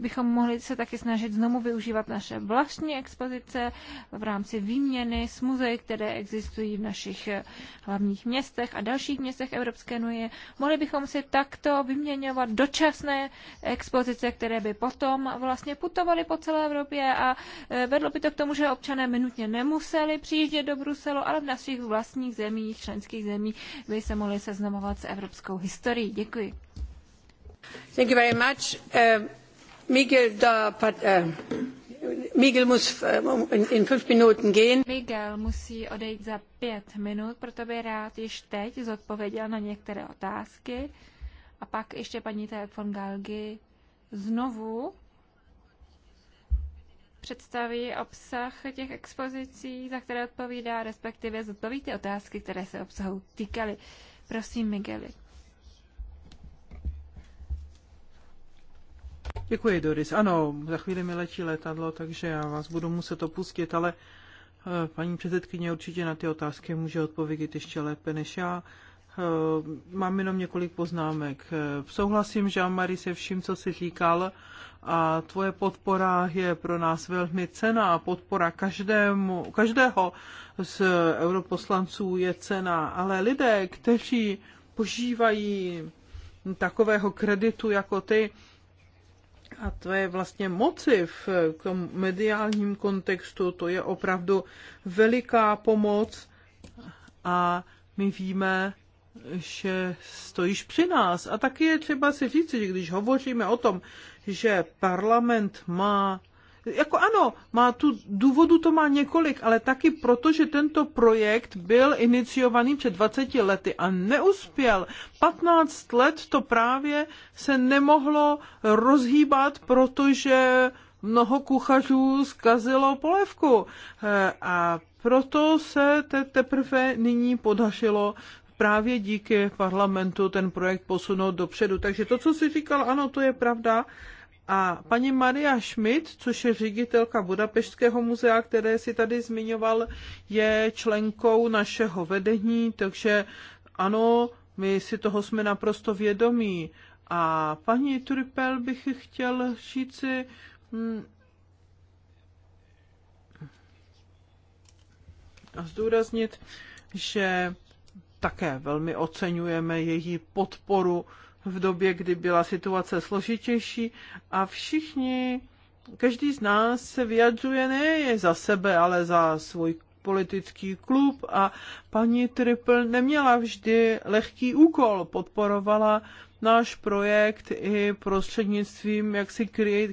bychom mohli se taky snažit znovu využívat naše vlastní expozice v rámci výměny s muzeí, které existují v našich eh, hlavních městech a dalších městech Evropské unie. Mohli bychom si takto vyměňovat dočasné expozice, které by potom vlastně putovaly po celé Evropě a eh, vedlo by to k tomu, že občané minutně nemuseli přijíždět do Bruselu, ale v našich vlastních zemích, členských zemích, by se mohli seznamovat s evropskou historií. Děkuji. Thank you very much. Uh... Eh, eh, Miguel, musí odejít za pět minut, proto bych rád již teď zodpověděl na některé otázky. A pak ještě paní Ted von Galgi znovu představí obsah těch expozicí, za které odpovídá, respektive zodpoví ty otázky, které se obsahu týkaly. Prosím, Migueli. Děkuji, Doris. Ano, za chvíli mi letí letadlo, takže já vás budu muset opustit, ale eh, paní předsedkyně určitě na ty otázky může odpovědět ještě lépe než já. Eh, mám jenom několik poznámek. Eh, souhlasím, Jean-Marie, se vším, co jsi říkal a tvoje podpora je pro nás velmi cená. Podpora každému, každého z europoslanců je cená, ale lidé, kteří požívají takového kreditu jako ty, a to je vlastně moci v mediálním kontextu, to je opravdu veliká pomoc a my víme, že stojíš při nás. A taky je třeba si říct, že když hovoříme o tom, že parlament má jako ano, má tu důvodu to má několik, ale taky proto, že tento projekt byl iniciovaný před 20 lety a neuspěl. 15 let to právě se nemohlo rozhýbat, protože mnoho kuchařů zkazilo polévku. Eh, a proto se te teprve nyní podařilo právě díky parlamentu ten projekt posunout dopředu. Takže to, co jsi říkal, ano, to je pravda. A paní Maria Schmidt, což je ředitelka Budapeštského muzea, které si tady zmiňoval, je členkou našeho vedení, takže ano, my si toho jsme naprosto vědomí. A paní Trupel bych chtěl říci, mm, a zdůraznit, že také velmi oceňujeme její podporu v době, kdy byla situace složitější a všichni, každý z nás se vyjadřuje ne za sebe, ale za svůj politický klub a paní Triple neměla vždy lehký úkol, podporovala náš projekt i prostřednictvím jaksi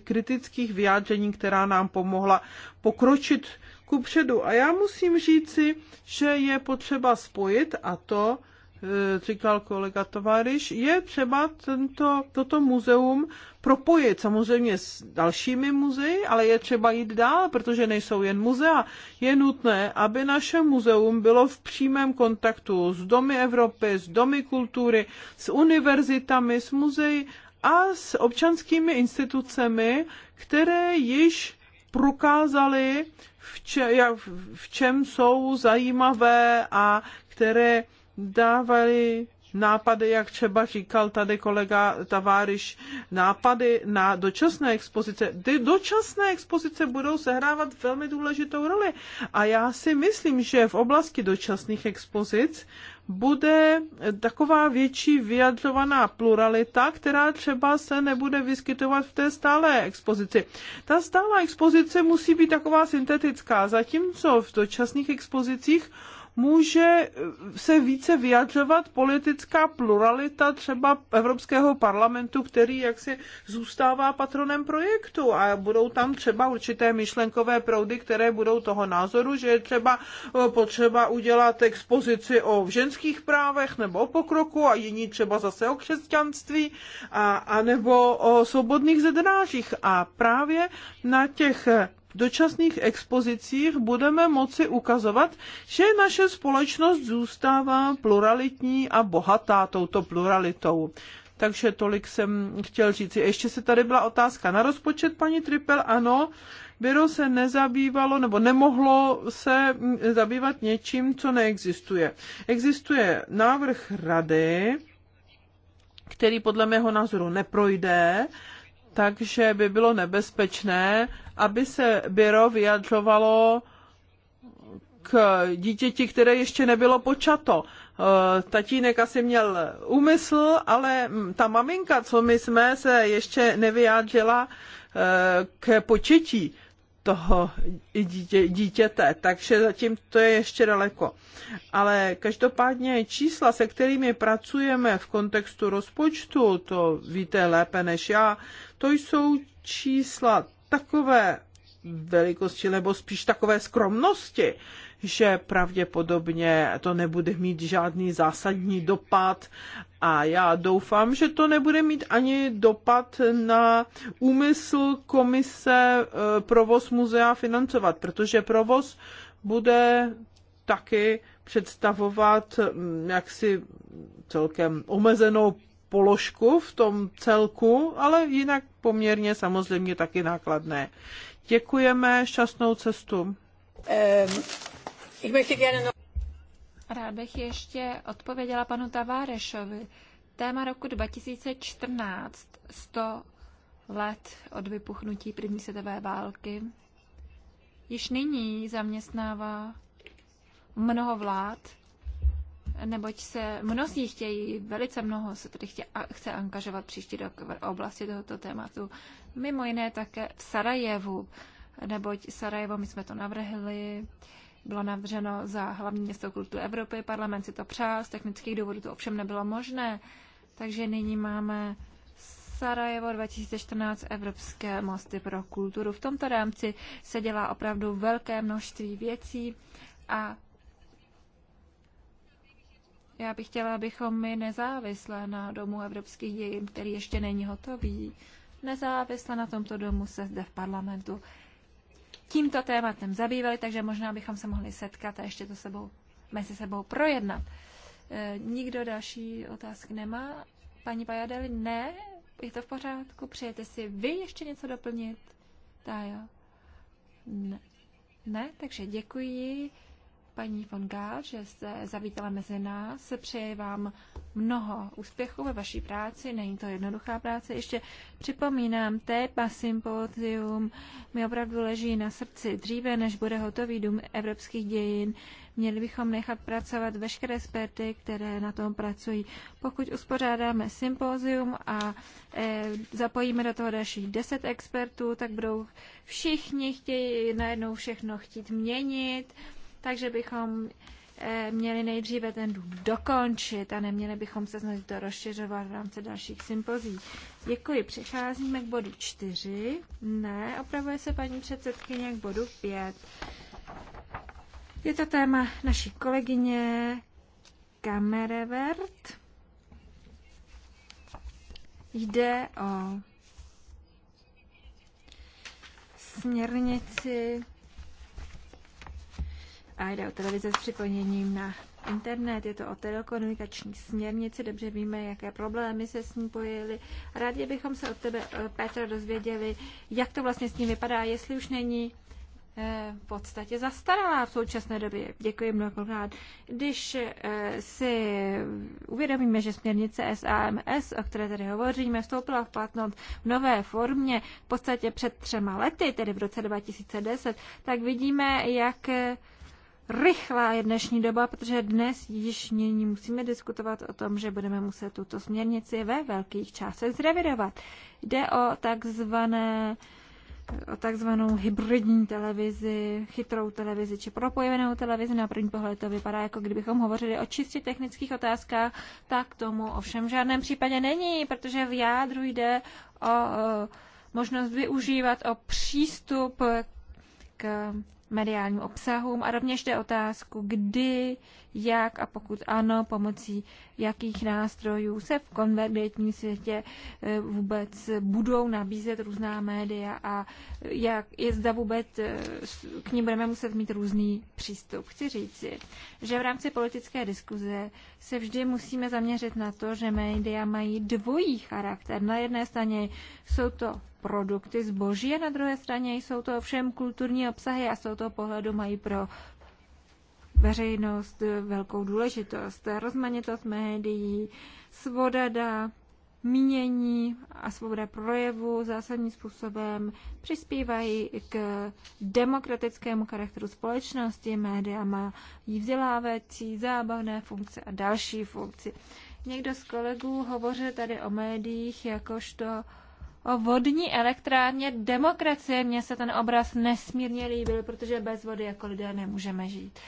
kritických vyjádření, která nám pomohla pokročit ku předu. A já musím říci, že je potřeba spojit a to Eh, říkal kolega Tovariš, je třeba tento, toto muzeum propojit samozřejmě s dalšími muzeji, ale je třeba jít dál, protože nejsou jen muzea. Je nutné, aby naše muzeum bylo v přímém kontaktu s domy Evropy, s domy kultury, s univerzitami, s muzeji a s občanskými institucemi, které již prokázaly, v, če, v čem jsou zajímavé a které dávali nápady, jak třeba říkal tady kolega Taváriš, nápady na dočasné expozice. Ty dočasné expozice budou sehrávat velmi důležitou roli. A já si myslím, že v oblasti dočasných expozic bude taková větší vyjadřovaná pluralita, která třeba se nebude vyskytovat v té stálé expozici. Ta stálá expozice musí být taková syntetická, zatímco v dočasných expozicích může eh, se více vyjadřovat politická pluralita třeba Evropského parlamentu, který jaksi zůstává patronem projektu a budou tam třeba určité myšlenkové proudy, které budou toho názoru, že je třeba eh, potřeba udělat expozici o ženských právech nebo o pokroku a jiní třeba zase o křesťanství a, a nebo o svobodných zednářích. A právě na těch eh, dočasných expozicích budeme moci ukazovat, že naše společnost zůstává pluralitní a bohatá touto pluralitou. Takže tolik jsem chtěl říct. Ještě se tady byla otázka na rozpočet, paní Tripel. Ano, byro se nezabývalo nebo nemohlo se mm, zabývat něčím, co neexistuje. Existuje návrh rady, který podle mého názoru neprojde, takže by bylo nebezpečné, aby se byro vyjadřovalo k dítěti, které ještě nebylo počato. E, tatínek asi měl úmysl, ale ta maminka, co my jsme, se ještě nevyjádřila e, k početí toho dítě, dítěte, takže zatím to je ještě daleko. Ale každopádně čísla, se kterými pracujeme v kontextu rozpočtu, to víte lépe než já, to jsou čísla takové velikosti, nebo spíš takové skromnosti, že pravděpodobně to nebude mít žádný zásadní dopad a já doufám, že to nebude mít ani dopad na úmysl komise eh, provoz muzea financovat, protože provoz bude taky představovat mm, jaksi celkem omezenou položku v tom celku, ale jinak poměrně samozřejmě taky nákladné. Děkujeme, šťastnou cestu. Um. Rád bych ještě odpověděla panu Tavárešovi. Téma roku 2014, 100 let od vypuchnutí první světové války, již nyní zaměstnává mnoho vlád, neboť se mnozí chtějí, velice mnoho se tedy chtě, a chce angažovat příští rok v oblasti tohoto tématu. Mimo jiné také v Sarajevu, neboť Sarajevo, my jsme to navrhli, bylo navrženo za hlavní město kultury Evropy. Parlament si to přál, z technických důvodů to ovšem nebylo možné. Takže nyní máme Sarajevo 2014 Evropské mosty pro kulturu. V tomto rámci se dělá opravdu velké množství věcí a já bych chtěla, abychom my nezávisle na Domu evropských dějin, který ještě není hotový, nezávisle na tomto domu se zde v parlamentu tímto tématem zabývali, takže možná bychom se mohli setkat a ještě to sebou, mezi sebou projednat. E, nikdo další otázky nemá? Paní Pajadeli, ne? Je to v pořádku? Přijete si vy ještě něco doplnit? Tá jo. Ne. ne, takže děkuji paní von Gál, že jste zavítala mezi nás. Přeji vám mnoho úspěchů ve vaší práci. Není to jednoduchá práce. Ještě připomínám TEPA sympozium. Mi opravdu leží na srdci. Dříve, než bude hotový dům evropských dějin, měli bychom nechat pracovat veškeré experty, které na tom pracují. Pokud uspořádáme sympozium a e, zapojíme do toho dalších deset expertů, tak budou všichni chtějí najednou všechno chtít měnit, takže bychom eh, měli nejdříve ten dům dokončit a neměli bychom se snažit to rozšiřovat v rámci dalších sympozí. Děkuji. Přecházíme k bodu 4. Ne, opravuje se paní předsedkyně k bodu 5. Je to téma naší kolegyně Kamerevert. Jde o směrnici a jde o televize s připojením na internet, je to o telekomunikační směrnici, dobře víme, jaké problémy se s ní pojily. Rádi bychom se od tebe, eh, Petra, dozvěděli, jak to vlastně s ní vypadá, jestli už není eh, v podstatě zastaralá v současné době. Děkuji mnohokrát. Když eh, si uvědomíme, že směrnice SAMS, o které tady hovoříme, vstoupila v platnost v nové formě v podstatě před třema lety, tedy v roce 2010, tak vidíme, jak rychlá je dnešní doba, protože dnes již nyní musíme diskutovat o tom, že budeme muset tuto směrnici ve velkých částech zrevidovat. Jde o takzvané o takzvanou hybridní televizi, chytrou televizi či propojenou televizi. Na první pohled to vypadá, jako kdybychom hovořili o čistě technických otázkách, tak tomu ovšem v žádném případě není, protože v jádru jde o, o možnost využívat o přístup k mediálním obsahům a rovněž jde otázku, kdy jak a pokud ano, pomocí jakých nástrojů se v konvergentním světě eh, vůbec budou nabízet různá média a jak, je zda vůbec eh, k ním budeme muset mít různý přístup. Chci říci, že v rámci politické diskuze se vždy musíme zaměřit na to, že média mají dvojí charakter. Na jedné straně jsou to produkty zboží a na druhé straně jsou to ovšem kulturní obsahy a z tohoto pohledu mají pro veřejnost eh, velkou důležitost. Rozmanitost médií, svoboda mínění a svoboda projevu zásadním způsobem přispívají k demokratickému charakteru společnosti. Média má jí vzdělávací, zábavné funkce a další funkci. Někdo z kolegů hovořil tady o médiích jakožto o vodní elektrárně demokracie. Mně se ten obraz nesmírně líbil, protože bez vody jako lidé nemůžeme žít.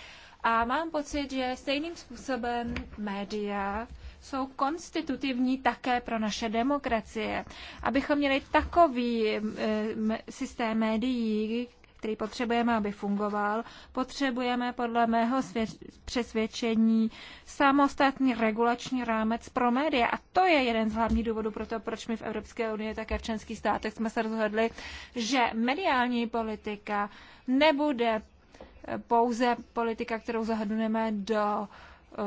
A mám pocit, že stejným způsobem média jsou konstitutivní také pro naše demokracie. Abychom měli takový eh, systém médií, který potřebujeme, aby fungoval, potřebujeme podle mého přesvědčení samostatný regulační rámec pro média. A to je jeden z hlavních důvodů pro to, proč my v Evropské unii, také v členských státech jsme se rozhodli, že mediální politika nebude pouze politika, kterou zahrnujeme do eh,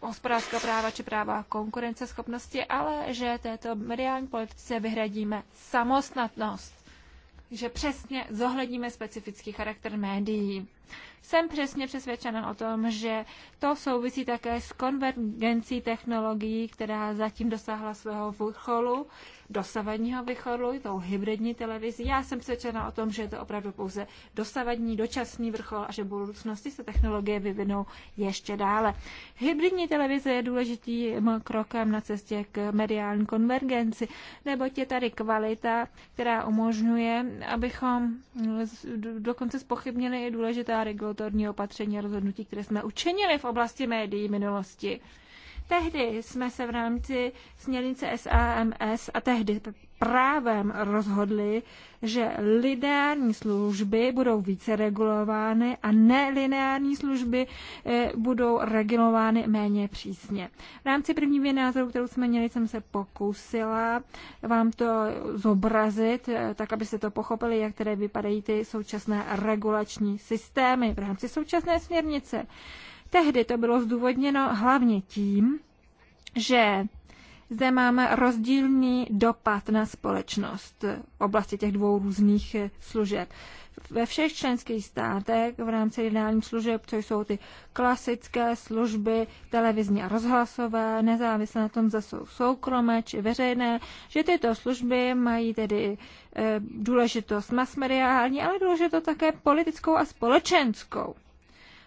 hospodářského práva či práva konkurenceschopnosti, ale že této mediální politice vyhradíme samostatnost, že přesně zohledníme specifický charakter médií. Jsem přesně přesvědčena o tom, že to souvisí také s konvergencí technologií, která zatím dosáhla svého vrcholu dosavadního vrcholu, tou hybridní televizí. Já jsem přečena o tom, že je to opravdu pouze dosavadní, dočasný vrchol a že v budoucnosti se technologie vyvinou ještě dále. Hybridní televize je důležitým krokem na cestě k mediální konvergenci, neboť je tady kvalita, která umožňuje, abychom dokonce spochybnili i důležitá regulatorní opatření a rozhodnutí, které jsme učinili v oblasti médií minulosti. Tehdy jsme se v rámci směrnice SAMS a tehdy právem rozhodli, že lineární služby budou více regulovány a nelineární služby eh, budou regulovány méně přísně. V rámci první názoru, kterou jsme měli, jsem se pokusila vám to zobrazit, eh, tak aby se to pochopili, jak tedy vypadají ty současné regulační systémy v rámci současné směrnice. Tehdy to bylo zdůvodněno hlavně tím, že zde máme rozdílný dopad na společnost v oblasti těch dvou různých služeb. Ve všech členských státech v rámci jednání služeb, co jsou ty klasické služby, televizní a rozhlasové, nezávisle na tom, zda jsou soukromé či veřejné, že tyto služby mají tedy e, důležitost masmediální, ale důležitost také politickou a společenskou.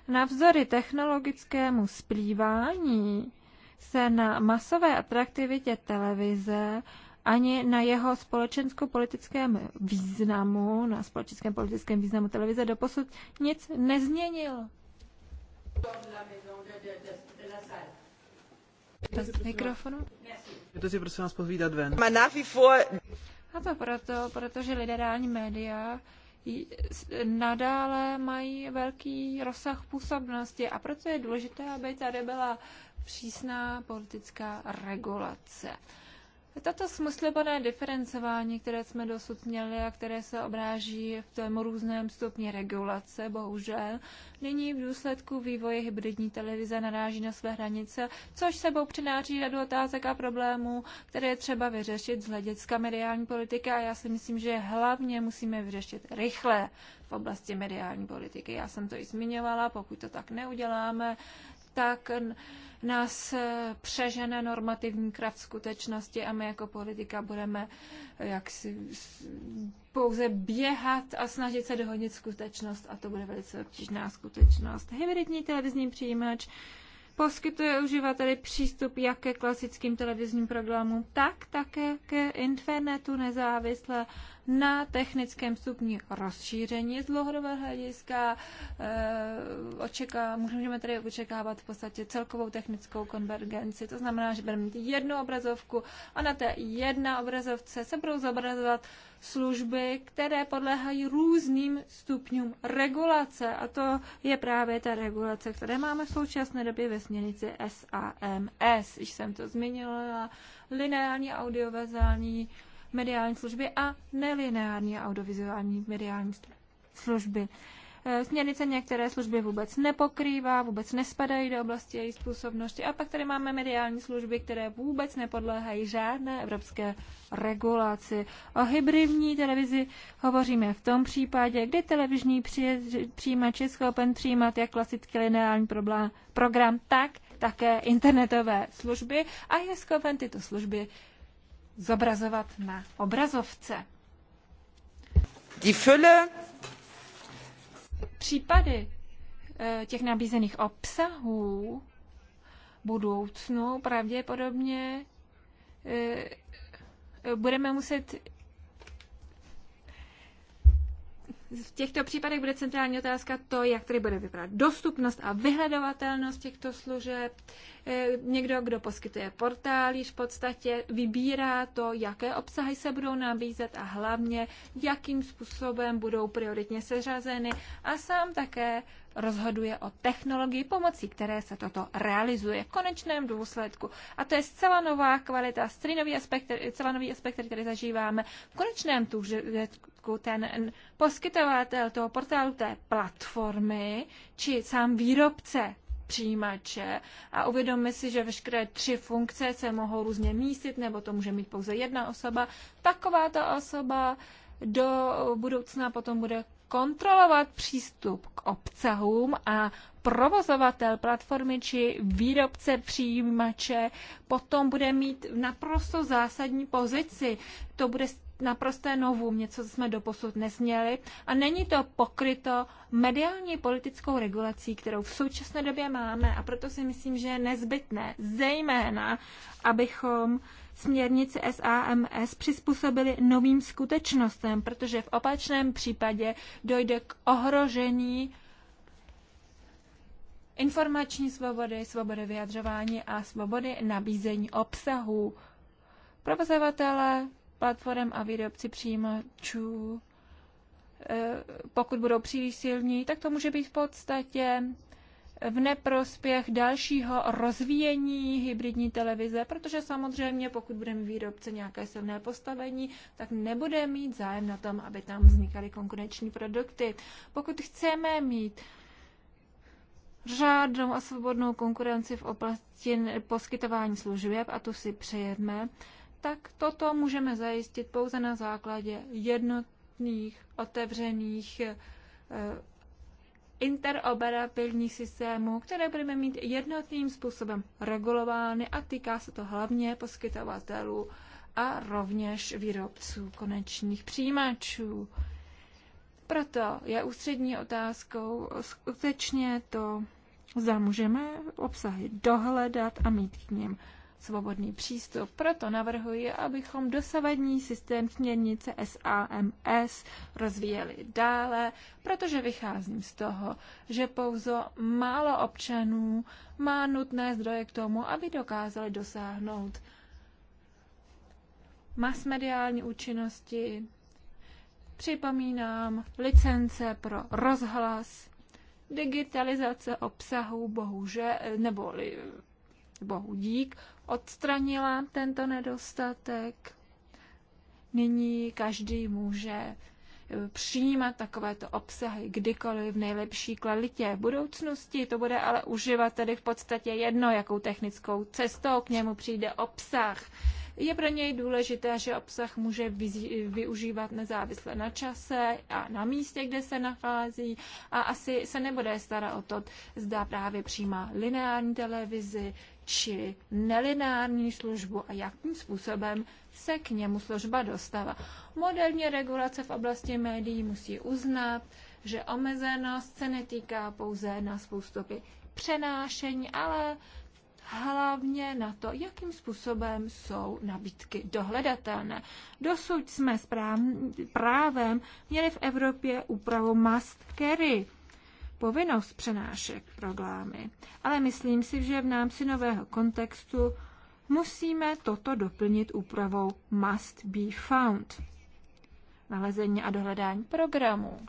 Navzory technologickému splývání se na masové atraktivitě televize ani na jeho společensko-politickém významu, na společenském politickém významu televize doposud nic nezměnil. mikrofonu. si prosím vás povídat ven. A to proto, protože liberální média nadále mají velký rozsah působnosti a proto je důležité, aby tady byla přísná politická regulace. Tato smysluplné diferencování, které jsme dosud měli a které se obráží v tom různém stupni regulace, bohužel, nyní v důsledku vývoje hybridní televize naráží na své hranice, což sebou přináší řadu otázek a problémů, které je třeba vyřešit z hlediska mediální politiky a já si myslím, že hlavně musíme vyřešit rychle v oblasti mediální politiky. Já jsem to i zmiňovala, pokud to tak neuděláme, tak nás eh, přežene normativní krav skutečnosti a my jako politika budeme eh, jaksi pouze běhat a snažit se dohodnit skutečnost a to bude velice obtížná skutečnost. Hybridní televizní přijímač poskytuje uživateli přístup jak ke klasickým televizním programům, tak také k internetu nezávisle na technickém stupni rozšíření z dlouhodobého hlediska. Eh, očeká, můžeme tady očekávat v podstatě celkovou technickou konvergenci. To znamená, že budeme mít jednu obrazovku a na té jedné obrazovce se budou zobrazovat služby, které podléhají různým stupňům regulace. A to je právě ta regulace, které máme v současné době ve směrnici SAMS. když jsem to zmínila, lineární audiovizuální mediální služby a nelineární audiovizuální mediální služby. E, směrnice některé služby vůbec nepokrývá, vůbec nespadají do oblasti její způsobnosti. A pak tady máme mediální služby, které vůbec nepodléhají žádné evropské regulaci. O hybridní televizi hovoříme v tom případě, kdy televizní přijímač je schopen přijímat jak klasický lineární problém, program, tak také internetové služby a je schopen tyto služby zobrazovat na obrazovce. Die Fülle. Případy eh, těch nabízených obsahů budoucnu pravděpodobně eh, budeme muset v těchto případech bude centrální otázka to, jak tady bude vypadat dostupnost a vyhledovatelnost těchto služeb. Eh, někdo, kdo poskytuje portál, již v podstatě vybírá to, jaké obsahy se budou nabízet a hlavně, jakým způsobem budou prioritně seřazeny a sám také rozhoduje o technologii, pomocí které se toto realizuje v konečném důsledku. A to je zcela nová kvalita, zcela nový aspekt, zcela nový aspekt který zažíváme v konečném výsledku ten poskytovatel toho portálu té platformy či sám výrobce přijímače a uvědomí si, že veškeré tři funkce se mohou různě místit, nebo to může mít pouze jedna osoba. Taková ta osoba do budoucna potom bude kontrolovat přístup k obsahům a provozovatel platformy či výrobce přijímače potom bude mít naprosto zásadní pozici. To bude naprosté novum, něco, co jsme doposud nesměli a není to pokryto mediální politickou regulací, kterou v současné době máme a proto si myslím, že je nezbytné, zejména abychom směrnici SAMS přizpůsobili novým skutečnostem, protože v opačném případě dojde k ohrožení informační svobody, svobody vyjadřování a svobody nabízení obsahu. Provozovatele platform a výrobci přijímačů, eh, pokud budou příliš silní, tak to může být v podstatě v neprospěch dalšího rozvíjení hybridní televize, protože samozřejmě pokud budeme výrobce nějaké silné postavení, tak nebude mít zájem na tom, aby tam vznikaly konkurenční produkty. Pokud chceme mít řádnou a svobodnou konkurenci v oblasti poskytování služeb, a tu si přejeme, tak toto můžeme zajistit pouze na základě jednotných, otevřených, eh, interoperabilních systémů, které budeme mít jednotným způsobem regulovány a týká se to hlavně poskytovatelů a rovněž výrobců konečných přijímačů. Proto je ústřední otázkou skutečně to, zda můžeme obsahy dohledat a mít k ním svobodný přístup. Proto navrhuji, abychom dosavadní systém směrnice SAMS rozvíjeli dále, protože vycházím z toho, že pouze málo občanů má nutné zdroje k tomu, aby dokázali dosáhnout masmediální účinnosti. Připomínám licence pro rozhlas, digitalizace obsahu bohužel, neboli bohu dík, odstranila tento nedostatek. Nyní každý může eh, přijímat takovéto obsahy kdykoliv v nejlepší kvalitě. V budoucnosti to bude ale uživat tedy v podstatě jedno, jakou technickou cestou k němu přijde obsah. Je pro něj důležité, že obsah může využívat nezávisle na čase a na místě, kde se nachází a asi se nebude starat o to, zda právě přijímá lineární televizi či nelinární službu a jakým způsobem se k němu služba dostala. Moderní regulace v oblasti médií musí uznat, že omezenost se netýká pouze na způsoby přenášení, ale hlavně na to, jakým způsobem jsou nabídky dohledatelné. Dosud jsme s právem měli v Evropě úpravu must carry, povinnost přenášet programy, ale myslím si, že v námci nového kontextu musíme toto doplnit úpravou must be found. Nalezení a dohledání programů.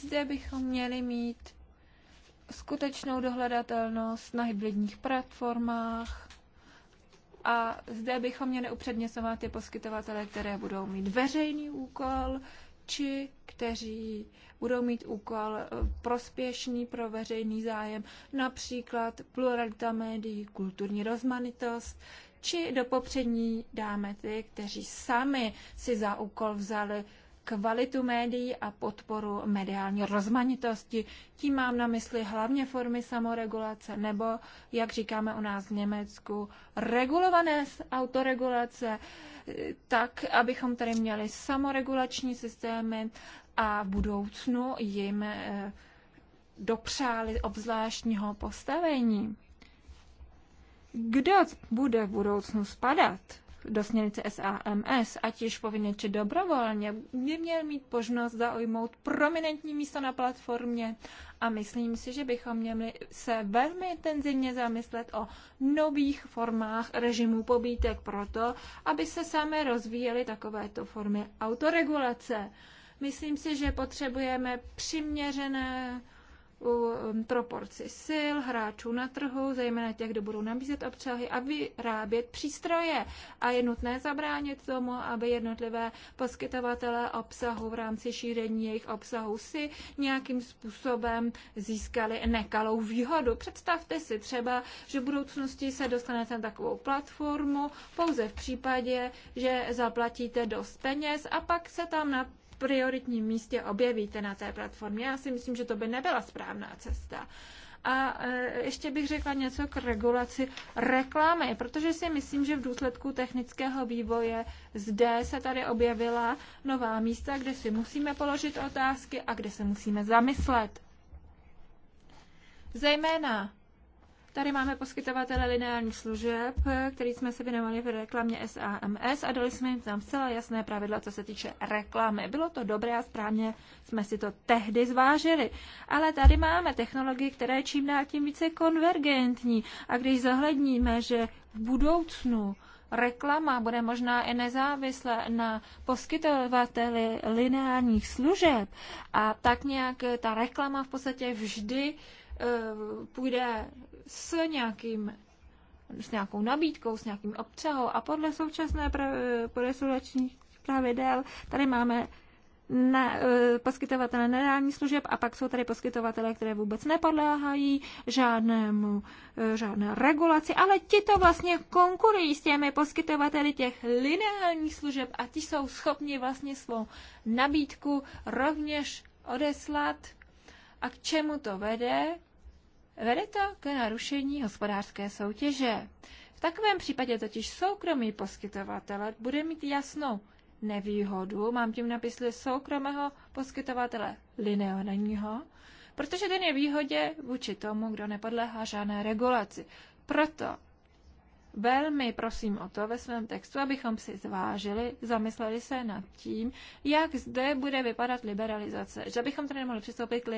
Zde bychom měli mít skutečnou dohledatelnost na hybridních platformách a zde bychom měli upřednesovat ty poskytovatele, které budou mít veřejný úkol, či kteří budou mít úkol eh, prospěšný pro veřejný zájem, například pluralita médií, kulturní rozmanitost, či do popřední dáme ty, kteří sami si za úkol vzali kvalitu médií a podporu mediální rozmanitosti. Tím mám na mysli hlavně formy samoregulace nebo, jak říkáme u nás v Německu, regulované autoregulace, tak, abychom tady měli samoregulační systémy a v budoucnu jim eh, dopřáli obzvláštního postavení. Kdo bude v budoucnu spadat do směrnice SAMS, ať již povinně či dobrovolně, by měl mít možnost zaujmout prominentní místo na platformě a myslím si, že bychom měli se velmi intenzivně zamyslet o nových formách režimů pobítek proto, aby se samé rozvíjely takovéto formy autoregulace. Myslím si, že potřebujeme přiměřené u um, proporci sil, hráčů na trhu, zejména těch, kdo budou nabízet obsahy a vyrábět přístroje. A je nutné zabránit tomu, aby jednotlivé poskytovatele obsahu v rámci šíření jejich obsahu si nějakým způsobem získali nekalou výhodu. Představte si třeba, že v budoucnosti se dostanete na takovou platformu pouze v případě, že zaplatíte dost peněz a pak se tam na prioritním místě objevíte na té platformě. Já si myslím, že to by nebyla správná cesta. A e, ještě bych řekla něco k regulaci reklamy, protože si myslím, že v důsledku technického vývoje zde se tady objevila nová místa, kde si musíme položit otázky a kde se musíme zamyslet. Zejména Tady máme poskytovatele lineárních služeb, který jsme se věnovali v reklamě SAMS a dali jsme jim tam zcela jasné pravidla, co se týče reklamy. Bylo to dobré a správně jsme si to tehdy zvážili. Ale tady máme technologii, která je čím dál tím více konvergentní. A když zohledníme, že v budoucnu reklama bude možná i nezávislá na poskytovateli lineárních služeb a tak nějak ta reklama v podstatě vždy eh, půjde s nějakým s nějakou nabídkou, s nějakým obsahem a podle současné podle pravidel tady máme na, e, poskytovatele nereální služeb a pak jsou tady poskytovatele, které vůbec nepodléhají žádnému, e, žádné regulaci, ale ti to vlastně konkurují s těmi poskytovateli těch lineárních služeb a ti jsou schopni vlastně svou nabídku rovněž odeslat. A k čemu to vede? Vede to k narušení hospodářské soutěže. V takovém případě totiž soukromý poskytovatel bude mít jasnou nevýhodu, mám tím na mysli soukromého poskytovatele lineárního, protože ten je výhodě vůči tomu, kdo nepodléhá žádné regulaci. Proto velmi prosím o to ve svém textu, abychom si zvážili, zamysleli se nad tím, jak zde bude vypadat liberalizace. Že bychom tedy mohli přistoupit k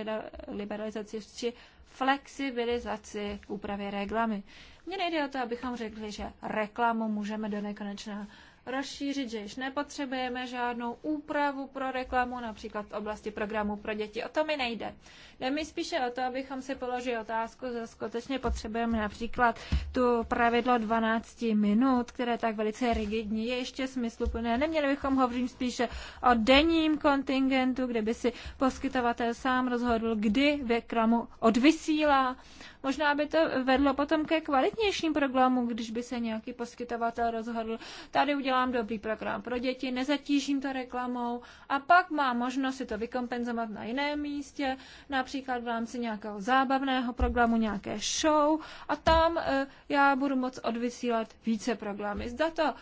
liberalizaci či flexibilizaci úpravy reklamy. Mně nejde o to, abychom řekli, že reklamu můžeme do nekonečna rozšířit, že již nepotřebujeme žádnou úpravu pro reklamu, například v oblasti programů pro děti. O to mi nejde. Jde mi spíše o to, abychom si položili otázku, zda skutečně potřebujeme například tu pravidlo 12 minut, které tak velice rigidní je ještě smysluplné. Neměli bychom hovořit spíše o denním kontingentu, kde by si poskytovatel sám rozhodl, kdy reklamu odvysílá Možná by to vedlo potom ke kvalitnějším programům, když by se nějaký poskytovatel rozhodl, tady udělám dobrý program pro děti, nezatížím to reklamou a pak má možnost si to vykompenzovat na jiném místě, například v rámci nějakého zábavného programu, nějaké show a tam e, já budu moc odvysílat více programy. Zda to e,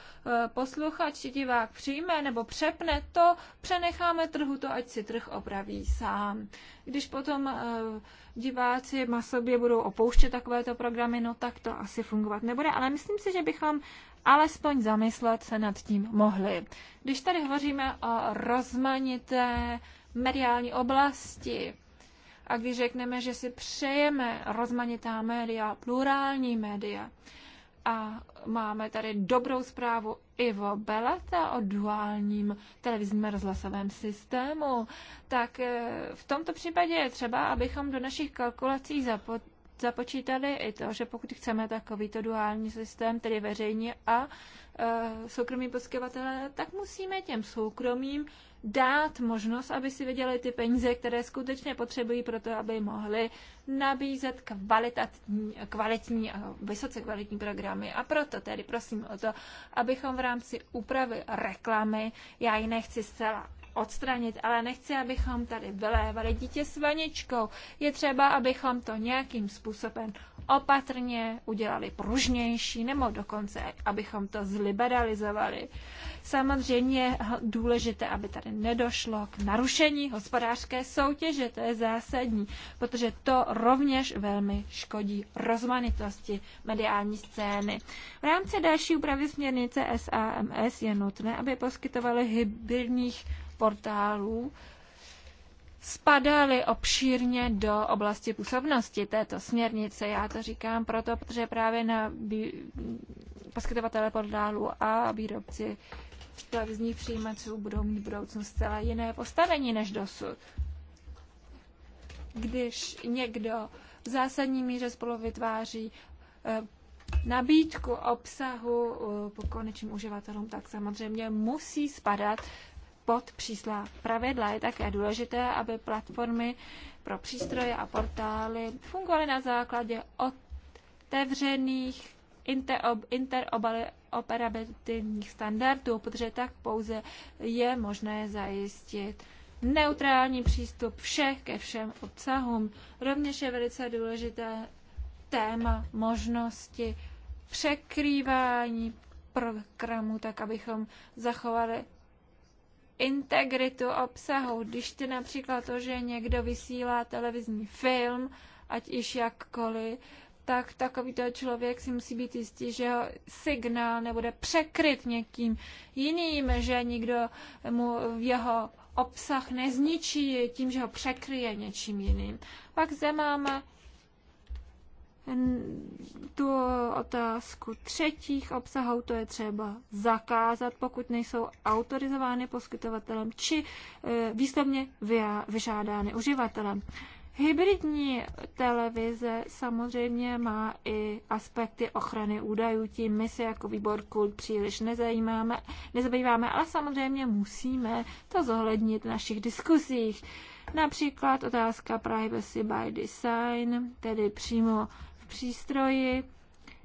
posluchač, divák přijme nebo přepne, to přenecháme trhu, to ať si trh opraví sám. Když potom e, diváci masově budou opouštět takovéto programy, no tak to asi fungovat nebude, ale myslím si, že bychom alespoň zamyslet se nad tím mohli. Když tady hovoříme o rozmanité mediální oblasti, a když řekneme, že si přejeme rozmanitá média, plurální média, a máme tady dobrou zprávu Ivo Beleta o duálním televizním rozhlasovém systému, tak eh, v tomto případě je třeba, abychom do našich kalkulací zapo- započítali i to, že pokud chceme takovýto duální systém, tedy veřejně a e, soukromí poskytovatele, tak musíme těm soukromým dát možnost, aby si viděli ty peníze, které skutečně potřebují pro to, aby mohli nabízet kvalitatní, kvalitní a vysoce kvalitní programy. A proto tedy prosím o to, abychom v rámci úpravy reklamy, já ji nechci zcela odstranit, ale nechci, abychom tady vylévali dítě s vaničkou. Je třeba, abychom to nějakým způsobem opatrně udělali pružnější, nebo dokonce, abychom to zliberalizovali. Samozřejmě je důležité, aby tady nedošlo k narušení hospodářské soutěže, to je zásadní, protože to rovněž velmi škodí rozmanitosti mediální scény. V rámci další úpravy směrnice SAMS je nutné, aby poskytovaly hybridních portálů spadaly obšírně do oblasti působnosti této směrnice. Já to říkám proto, protože právě na poskytovatele portálu a výrobci televizních přijímačů budou mít v budoucnu zcela jiné postavení než dosud. Když někdo v zásadní míře spolu vytváří eh, nabídku obsahu eh, po konečným uživatelům, tak samozřejmě musí spadat pod přísla pravidla. Je také důležité, aby platformy pro přístroje a portály fungovaly na základě otevřených interoperabilitních standardů, protože tak pouze je možné zajistit neutrální přístup všech ke všem obsahům. Rovněž je velice důležité téma možnosti překrývání programu, tak abychom zachovali integritu obsahu. Když ty například to, že někdo vysílá televizní film, ať již jakkoliv, tak takovýto člověk si musí být jistý, že jeho signál nebude překryt někým jiným, že nikdo mu v jeho obsah nezničí tím, že ho překryje něčím jiným. Pak zde máme tu otázku třetích obsahů, to je třeba zakázat, pokud nejsou autorizovány poskytovatelem či e, výslovně vyžádány uživatelem. Hybridní televize samozřejmě má i aspekty ochrany údajů, tím my se jako výbor kult příliš nezajímáme, nezabýváme, ale samozřejmě musíme to zohlednit v našich diskuzích. Například otázka privacy by design, tedy přímo přístroji,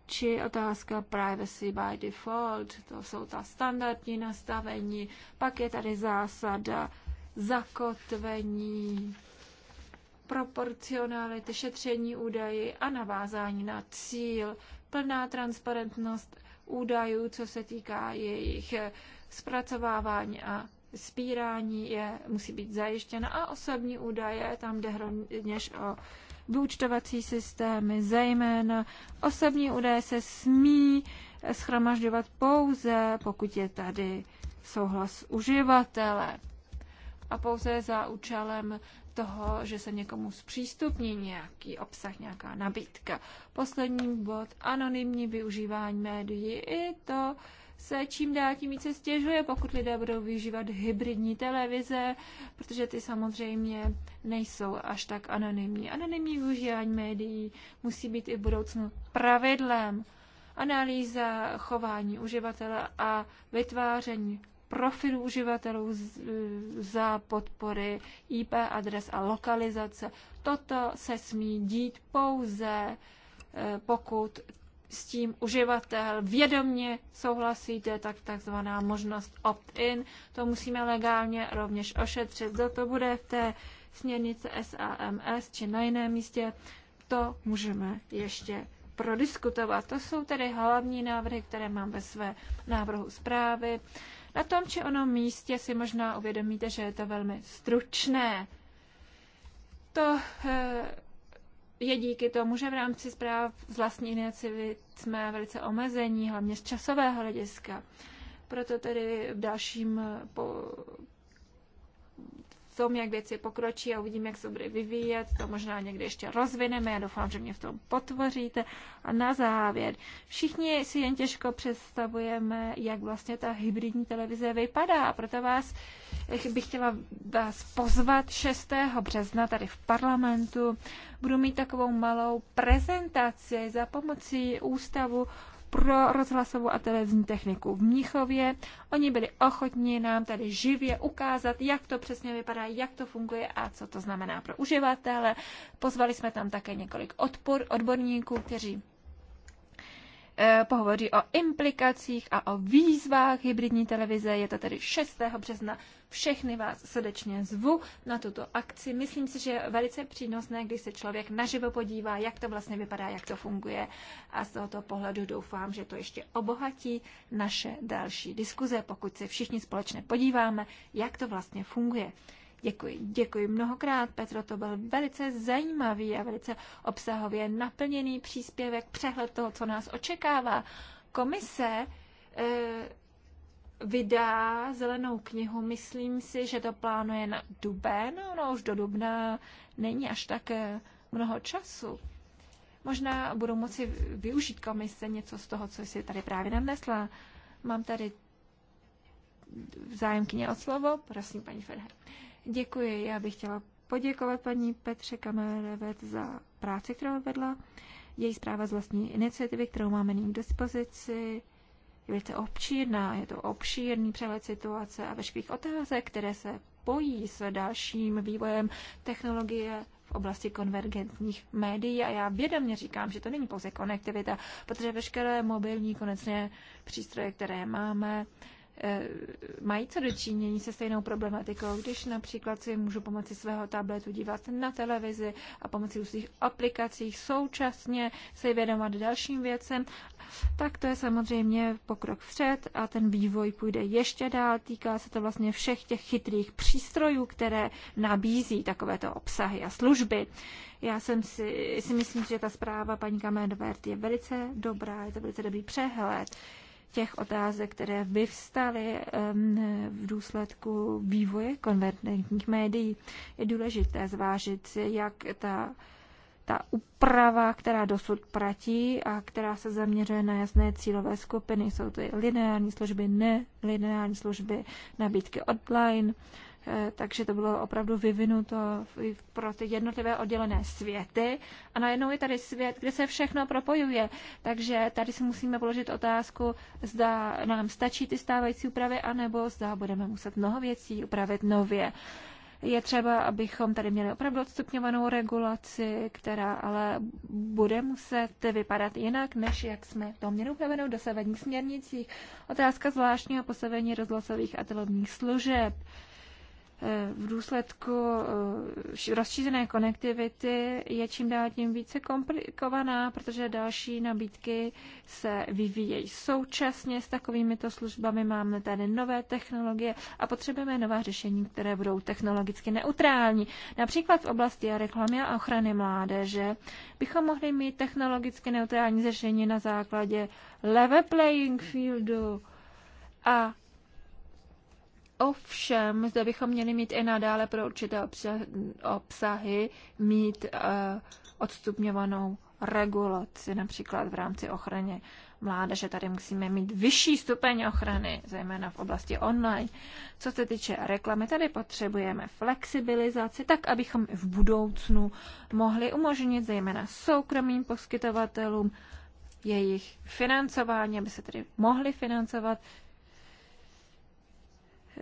či otázka privacy by default, to jsou ta standardní nastavení, pak je tady zásada zakotvení, proporcionality, šetření údaji a navázání na cíl, plná transparentnost údajů, co se týká jejich zpracovávání a spírání je, musí být zajištěna a osobní údaje, tam jde rovněž o vyúčtovací systémy, zejména osobní údaje se smí schromažďovat pouze, pokud je tady souhlas uživatele a pouze za účelem toho, že se někomu zpřístupní nějaký obsah, nějaká nabídka. Poslední bod, anonymní využívání médií, i to se čím dál tím více stěžuje, pokud lidé budou využívat hybridní televize, protože ty samozřejmě nejsou až tak anonymní. Anonymní využívání médií musí být i v budoucnu pravidlem. Analýza chování uživatele a vytváření profilů uživatelů za podpory IP adres a lokalizace. Toto se smí dít pouze, eh, pokud s tím uživatel vědomně je tak takzvaná možnost opt-in. To musíme legálně rovněž ošetřit. Za to bude v té směrnice SAMS či na jiném místě. To můžeme ještě prodiskutovat. To jsou tedy hlavní návrhy, které mám ve své návrhu zprávy. Na tom či onom místě si možná uvědomíte, že je to velmi stručné. To eh, je díky tomu, že v rámci zpráv z vlastní iniciativy jsme velice omezení, hlavně z časového hlediska. Proto tedy v dalším po tom, jak věci pokročí a uvidíme, jak se bude vyvíjet. To možná někdy ještě rozvineme. Já doufám, že mě v tom potvoříte. A na závěr, všichni si jen těžko představujeme, jak vlastně ta hybridní televize vypadá. A proto vás eh, bych chtěla vás pozvat 6. března tady v parlamentu. Budu mít takovou malou prezentaci za pomocí Ústavu pro rozhlasovou a televizní techniku v Mnichově. Oni byli ochotni nám tady živě ukázat, jak to přesně vypadá, jak to funguje a co to znamená pro uživatele. Pozvali jsme tam také několik odpor, odborníků, kteří eh, pohovoří o implikacích a o výzvách hybridní televize. Je to tedy 6. března všechny vás srdečně zvu na tuto akci. Myslím si, že je velice přínosné, když se člověk naživo podívá, jak to vlastně vypadá, jak to funguje. A z tohoto pohledu doufám, že to ještě obohatí naše další diskuze, pokud se všichni společně podíváme, jak to vlastně funguje. Děkuji, děkuji mnohokrát, Petro, to byl velice zajímavý a velice obsahově naplněný příspěvek, přehled toho, co nás očekává. Komise eh, vydá zelenou knihu. Myslím si, že to plánuje na duben, no už do dubna není až tak eh, mnoho času. Možná budu moci využít komise něco z toho, co jsi tady právě nadnesla. Mám tady zájemkyně o slovo. Prosím, paní Ferher. Děkuji. Já bych chtěla poděkovat paní Petře Kamerevet za práci, kterou vedla. Její zpráva z vlastní iniciativy, kterou máme nyní k dispozici, je velice obšírná, je to obšírný přehled situace a veškerých otázek, které se pojí s dalším vývojem technologie v oblasti konvergentních médií a já vědomě říkám, že to není pouze konektivita, protože veškeré mobilní konečné přístroje, které máme, Eh, mají co dočinění se stejnou problematikou, když například si můžu pomocí svého tabletu dívat na televizi a pomocí různých aplikací současně se vědomat dalším věcem, tak to je samozřejmě pokrok vpřed a ten vývoj půjde ještě dál. Týká se to vlastně všech těch chytrých přístrojů, které nabízí takovéto obsahy a služby. Já jsem si, si myslím, že ta zpráva paní Kamenvert je velice dobrá, je to velice dobrý přehled těch otázek, které vyvstaly v důsledku vývoje konvergentních médií. Je důležité zvážit si, jak ta ta úprava, která dosud platí a která se zaměřuje na jasné cílové skupiny, jsou to lineární služby, ne lineární služby, nabídky online, Eh, takže to bylo opravdu vyvinuto pro ty jednotlivé oddělené světy. A najednou je tady svět, kde se všechno propojuje. Takže tady si musíme položit otázku, zda nám stačí ty stávající úpravy, anebo zda budeme muset mnoho věcí upravit nově. Je třeba, abychom tady měli opravdu odstupňovanou regulaci, která ale bude muset vypadat jinak, než jak jsme to měli upravenou do dosavadních směrnicích. Otázka zvláštního postavení rozhlasových a telovních služeb Eh, v důsledku eh, rozšířené konektivity je čím dál tím více komplikovaná, protože další nabídky se vyvíjejí současně s takovýmito službami. Máme tady nové technologie a potřebujeme nová řešení, které budou technologicky neutrální. Například v oblasti reklamy a ochrany mládeže bychom mohli mít technologicky neutrální řešení na základě level playing fieldu a Ovšem, zde bychom měli mít i nadále pro určité obsahy mít eh, odstupňovanou regulaci, například v rámci ochrany mládeže. Tady musíme mít vyšší stupeň ochrany, zejména v oblasti online. Co se týče reklamy, tady potřebujeme flexibilizaci, tak abychom v budoucnu mohli umožnit zejména soukromým poskytovatelům jejich financování, aby se tedy mohli financovat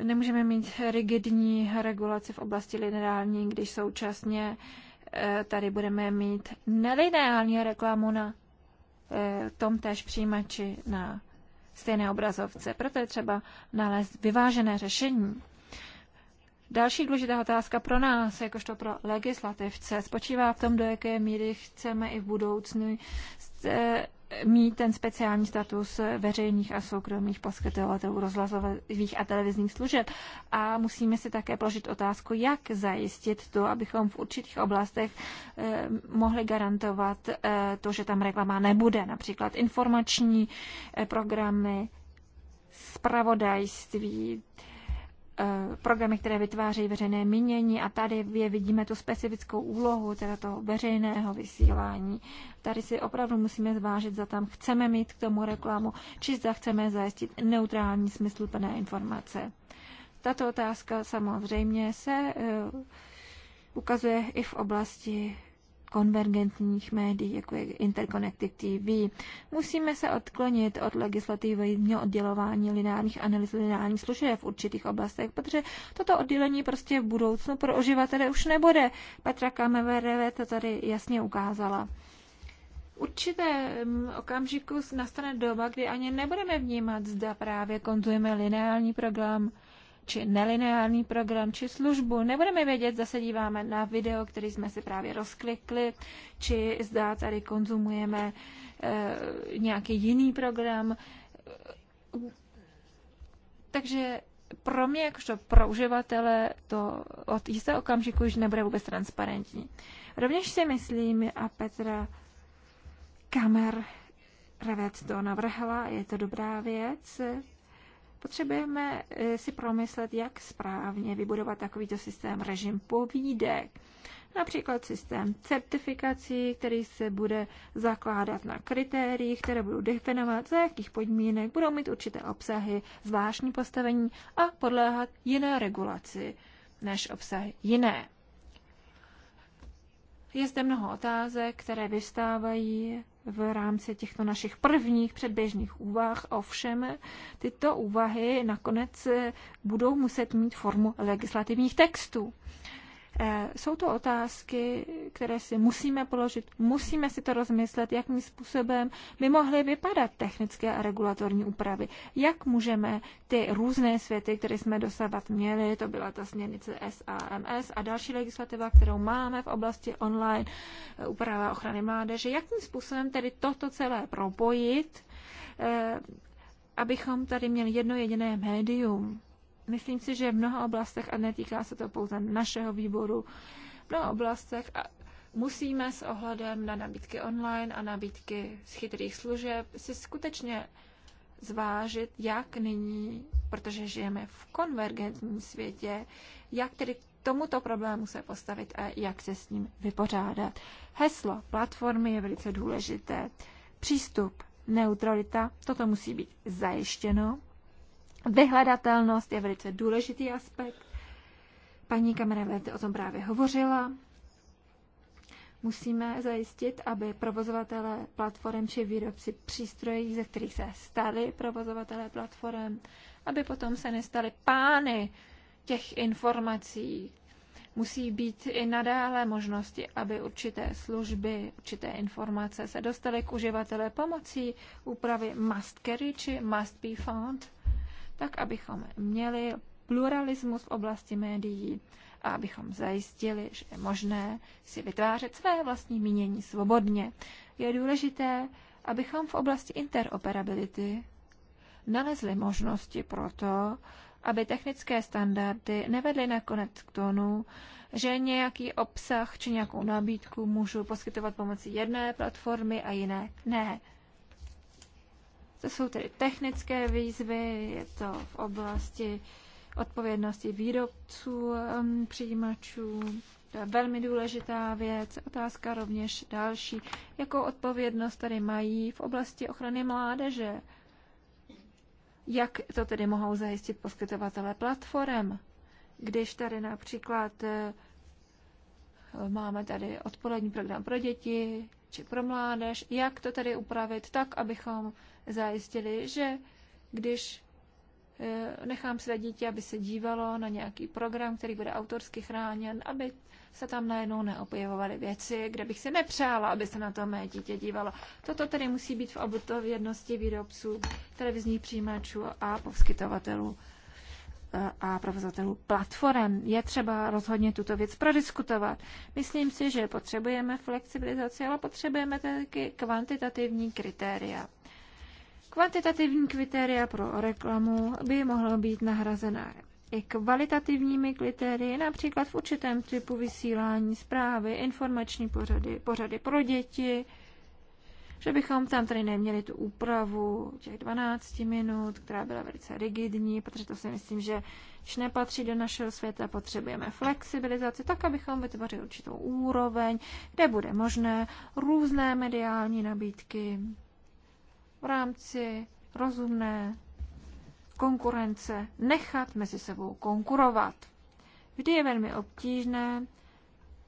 Nemůžeme mít rigidní regulaci v oblasti lineární, když současně eh, tady budeme mít nelineární reklamu na eh, tom též přijímači na stejné obrazovce. Proto je třeba nalézt vyvážené řešení. Další důležitá otázka pro nás, jakožto pro legislativce, spočívá v tom, do jaké míry chceme i v budoucnu eh, mít ten speciální status veřejných a soukromých poskytovatelů rozhlasových a televizních služeb. A musíme si také položit otázku, jak zajistit to, abychom v určitých oblastech eh, mohli garantovat eh, to, že tam reklama nebude. Například informační eh, programy, spravodajství, Eh, programy, které vytvářejí veřejné mínění a tady je, vidíme tu specifickou úlohu teda toho veřejného vysílání. Tady si opravdu musíme zvážit, za tam chceme mít k tomu reklamu, či zda chceme zajistit neutrální smysluplné informace. Tato otázka samozřejmě se eh, ukazuje i v oblasti konvergentních médií, jako je Interconnected TV. Musíme se odklonit od legislativního oddělování lineárních analýz lineárních služeb v určitých oblastech, protože toto oddělení prostě v budoucnu pro uživatele už nebude. Petra Kamevereve to tady jasně ukázala určitém okamžiku nastane doba, kdy ani nebudeme vnímat, zda právě konzumujeme lineární program či nelineární program, či službu. Nebudeme vědět, zase díváme na video, který jsme si právě rozklikli, či zda tady konzumujeme e, nějaký jiný program. Takže pro mě, jakožto pro uživatele, to od jistého okamžiku už nebude vůbec transparentní. Rovněž si myslím, a Petra Kamer Revet to navrhla, je to dobrá věc, Potřebujeme eh, si promyslet, jak správně vybudovat takovýto systém režim povídek. Například systém certifikací, který se bude zakládat na kritériích, které budou definovat, za jakých podmínek budou mít určité obsahy, zvláštní postavení a podléhat jiné regulaci než obsahy jiné. Je zde mnoho otázek, které vystávají v rámci těchto našich prvních předběžných úvah. Ovšem, tyto úvahy nakonec budou muset mít formu legislativních textů. Eh, jsou to otázky, které si musíme položit, musíme si to rozmyslet, jakým způsobem by mohly vypadat technické a regulatorní úpravy. Jak můžeme ty různé světy, které jsme dosávat měli, to byla ta směrnice SAMS a další legislativa, kterou máme v oblasti online, eh, úprava ochrany mládeže, jakým způsobem tedy toto celé propojit, eh, abychom tady měli jedno jediné médium myslím si, že v mnoha oblastech, a netýká se to pouze našeho výboru, v mnoha oblastech a musíme s ohledem na nabídky online a nabídky z chytrých služeb si skutečně zvážit, jak nyní, protože žijeme v konvergentním světě, jak tedy tomuto problému se postavit a jak se s ním vypořádat. Heslo platformy je velice důležité. Přístup, neutralita, toto musí být zajištěno. Vyhledatelnost je velice důležitý aspekt. Paní Kamerevety o tom právě hovořila. Musíme zajistit, aby provozovatele platform či výrobci přístrojů, ze kterých se stali provozovatele platform, aby potom se nestali pány těch informací. Musí být i nadále možnosti, aby určité služby, určité informace se dostaly k uživatele pomocí úpravy must carry či must be found tak abychom měli pluralismus v oblasti médií a abychom zajistili, že je možné si vytvářet své vlastní mínění svobodně. Je důležité, abychom v oblasti interoperability nalezli možnosti pro to, aby technické standardy nevedly nakonec k tomu, že nějaký obsah či nějakou nabídku můžu poskytovat pomocí jedné platformy a jiné ne. To jsou tedy technické výzvy, je to v oblasti odpovědnosti výrobců přijímačů, to je velmi důležitá věc. Otázka rovněž další. Jakou odpovědnost tady mají v oblasti ochrany mládeže? Jak to tedy mohou zajistit poskytovatele platform? Když tady například eh, máme tady odpolední program pro děti, či pro mládež, jak to tedy upravit tak, abychom zajistili, že když eh, nechám své dítě, aby se dívalo na nějaký program, který bude autorsky chráněn, aby se tam najednou neobjevovaly věci, kde bych si nepřála, aby se na to mé dítě dívalo. Toto tedy musí být v jednosti výrobců, televizních přijímačů a poskytovatelů a provozovatelů platform. Je třeba rozhodně tuto věc prodiskutovat. Myslím si, že potřebujeme flexibilizaci, ale potřebujeme taky kvantitativní kritéria. Kvantitativní kritéria pro reklamu by mohlo být nahrazená i kvalitativními kritérii, například v určitém typu vysílání zprávy, informační pořady, pořady pro děti, že bychom tam tady neměli tu úpravu těch 12 minut, která byla velice rigidní, protože to si myslím, že když nepatří do našeho světa, potřebujeme flexibilizaci, tak abychom vytvořili určitou úroveň, kde bude možné různé mediální nabídky v rámci rozumné konkurence nechat mezi sebou konkurovat. Vždy je velmi obtížné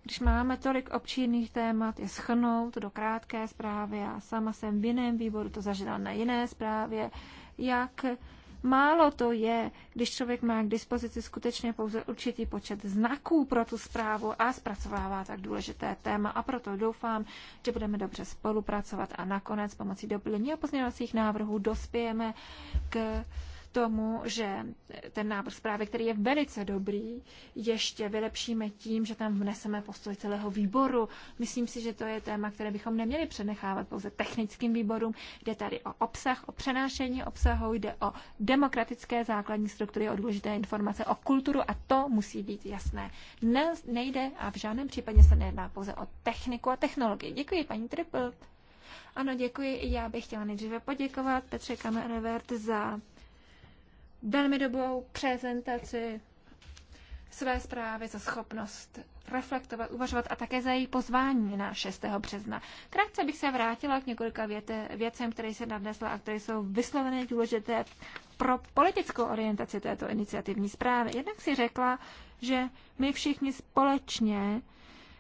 když máme tolik občinných témat, je schrnout do krátké zprávy. Já sama jsem v jiném výboru to zažila na jiné zprávě, jak málo to je, když člověk má k dispozici skutečně pouze určitý počet znaků pro tu zprávu a zpracovává tak důležité téma. A proto doufám, že budeme dobře spolupracovat a nakonec pomocí doplnění a pozměňovacích návrhů dospějeme k tomu, že ten návrh zprávy, který je velice dobrý, ještě vylepšíme tím, že tam vneseme postoj celého výboru. Myslím si, že to je téma, které bychom neměli přenechávat pouze technickým výborům. Jde tady o obsah, o přenášení obsahu, jde o demokratické základní struktury, o důležité informace, o kulturu a to musí být jasné. Ne, nejde a v žádném případě se nejedná pouze o techniku a technologii. Děkuji, paní Triple. Ano, děkuji. Já bych chtěla nejdříve poděkovat Petře Kamerevert za velmi dobrou prezentaci své zprávy, za schopnost reflektovat, uvažovat a také za její pozvání na 6. března. Krátce bych se vrátila k několika věte, věcem, které se nadnesla a které jsou vysloveně důležité pro politickou orientaci této iniciativní zprávy. Jednak si řekla, že my všichni společně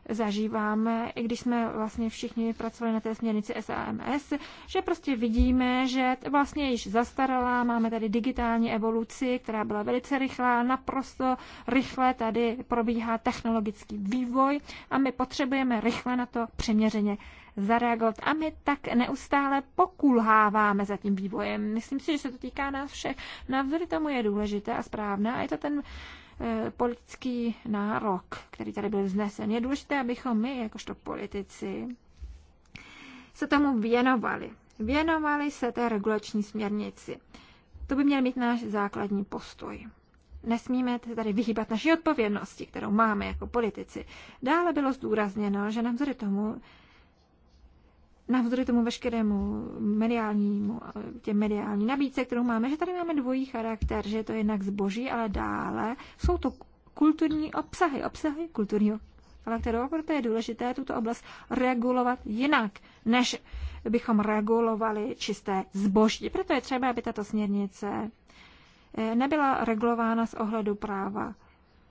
zažíváme, i když jsme vlastně všichni pracovali na té směrnici SAMS, že prostě vidíme, že vlastně již zastarala, máme tady digitální evoluci, která byla velice rychlá, naprosto rychle tady probíhá technologický vývoj a my potřebujeme rychle na to přiměřeně zareagovat. A my tak neustále pokulháváme za tím vývojem. Myslím si, že se to týká nás všech. Navzory tomu je důležité a správné a je to ten Eh, politický nárok, který tady byl vznesen. Je důležité, abychom my, jakožto politici, se tomu věnovali. Věnovali se té regulační směrnici. To by měl mít náš základní postoj. Nesmíme tady vyhýbat naší odpovědnosti, kterou máme jako politici. Dále bylo zdůrazněno, že navzory tomu, navzdory tomu veškerému mediálnímu, tě mediální nabídce, kterou máme, že tady máme dvojí charakter, že je to jednak zboží, ale dále jsou to kulturní obsahy, obsahy kulturního charakteru. Proto je důležité tuto oblast regulovat jinak, než bychom regulovali čisté zboží. Proto je třeba, aby tato směrnice eh, nebyla regulována z ohledu práva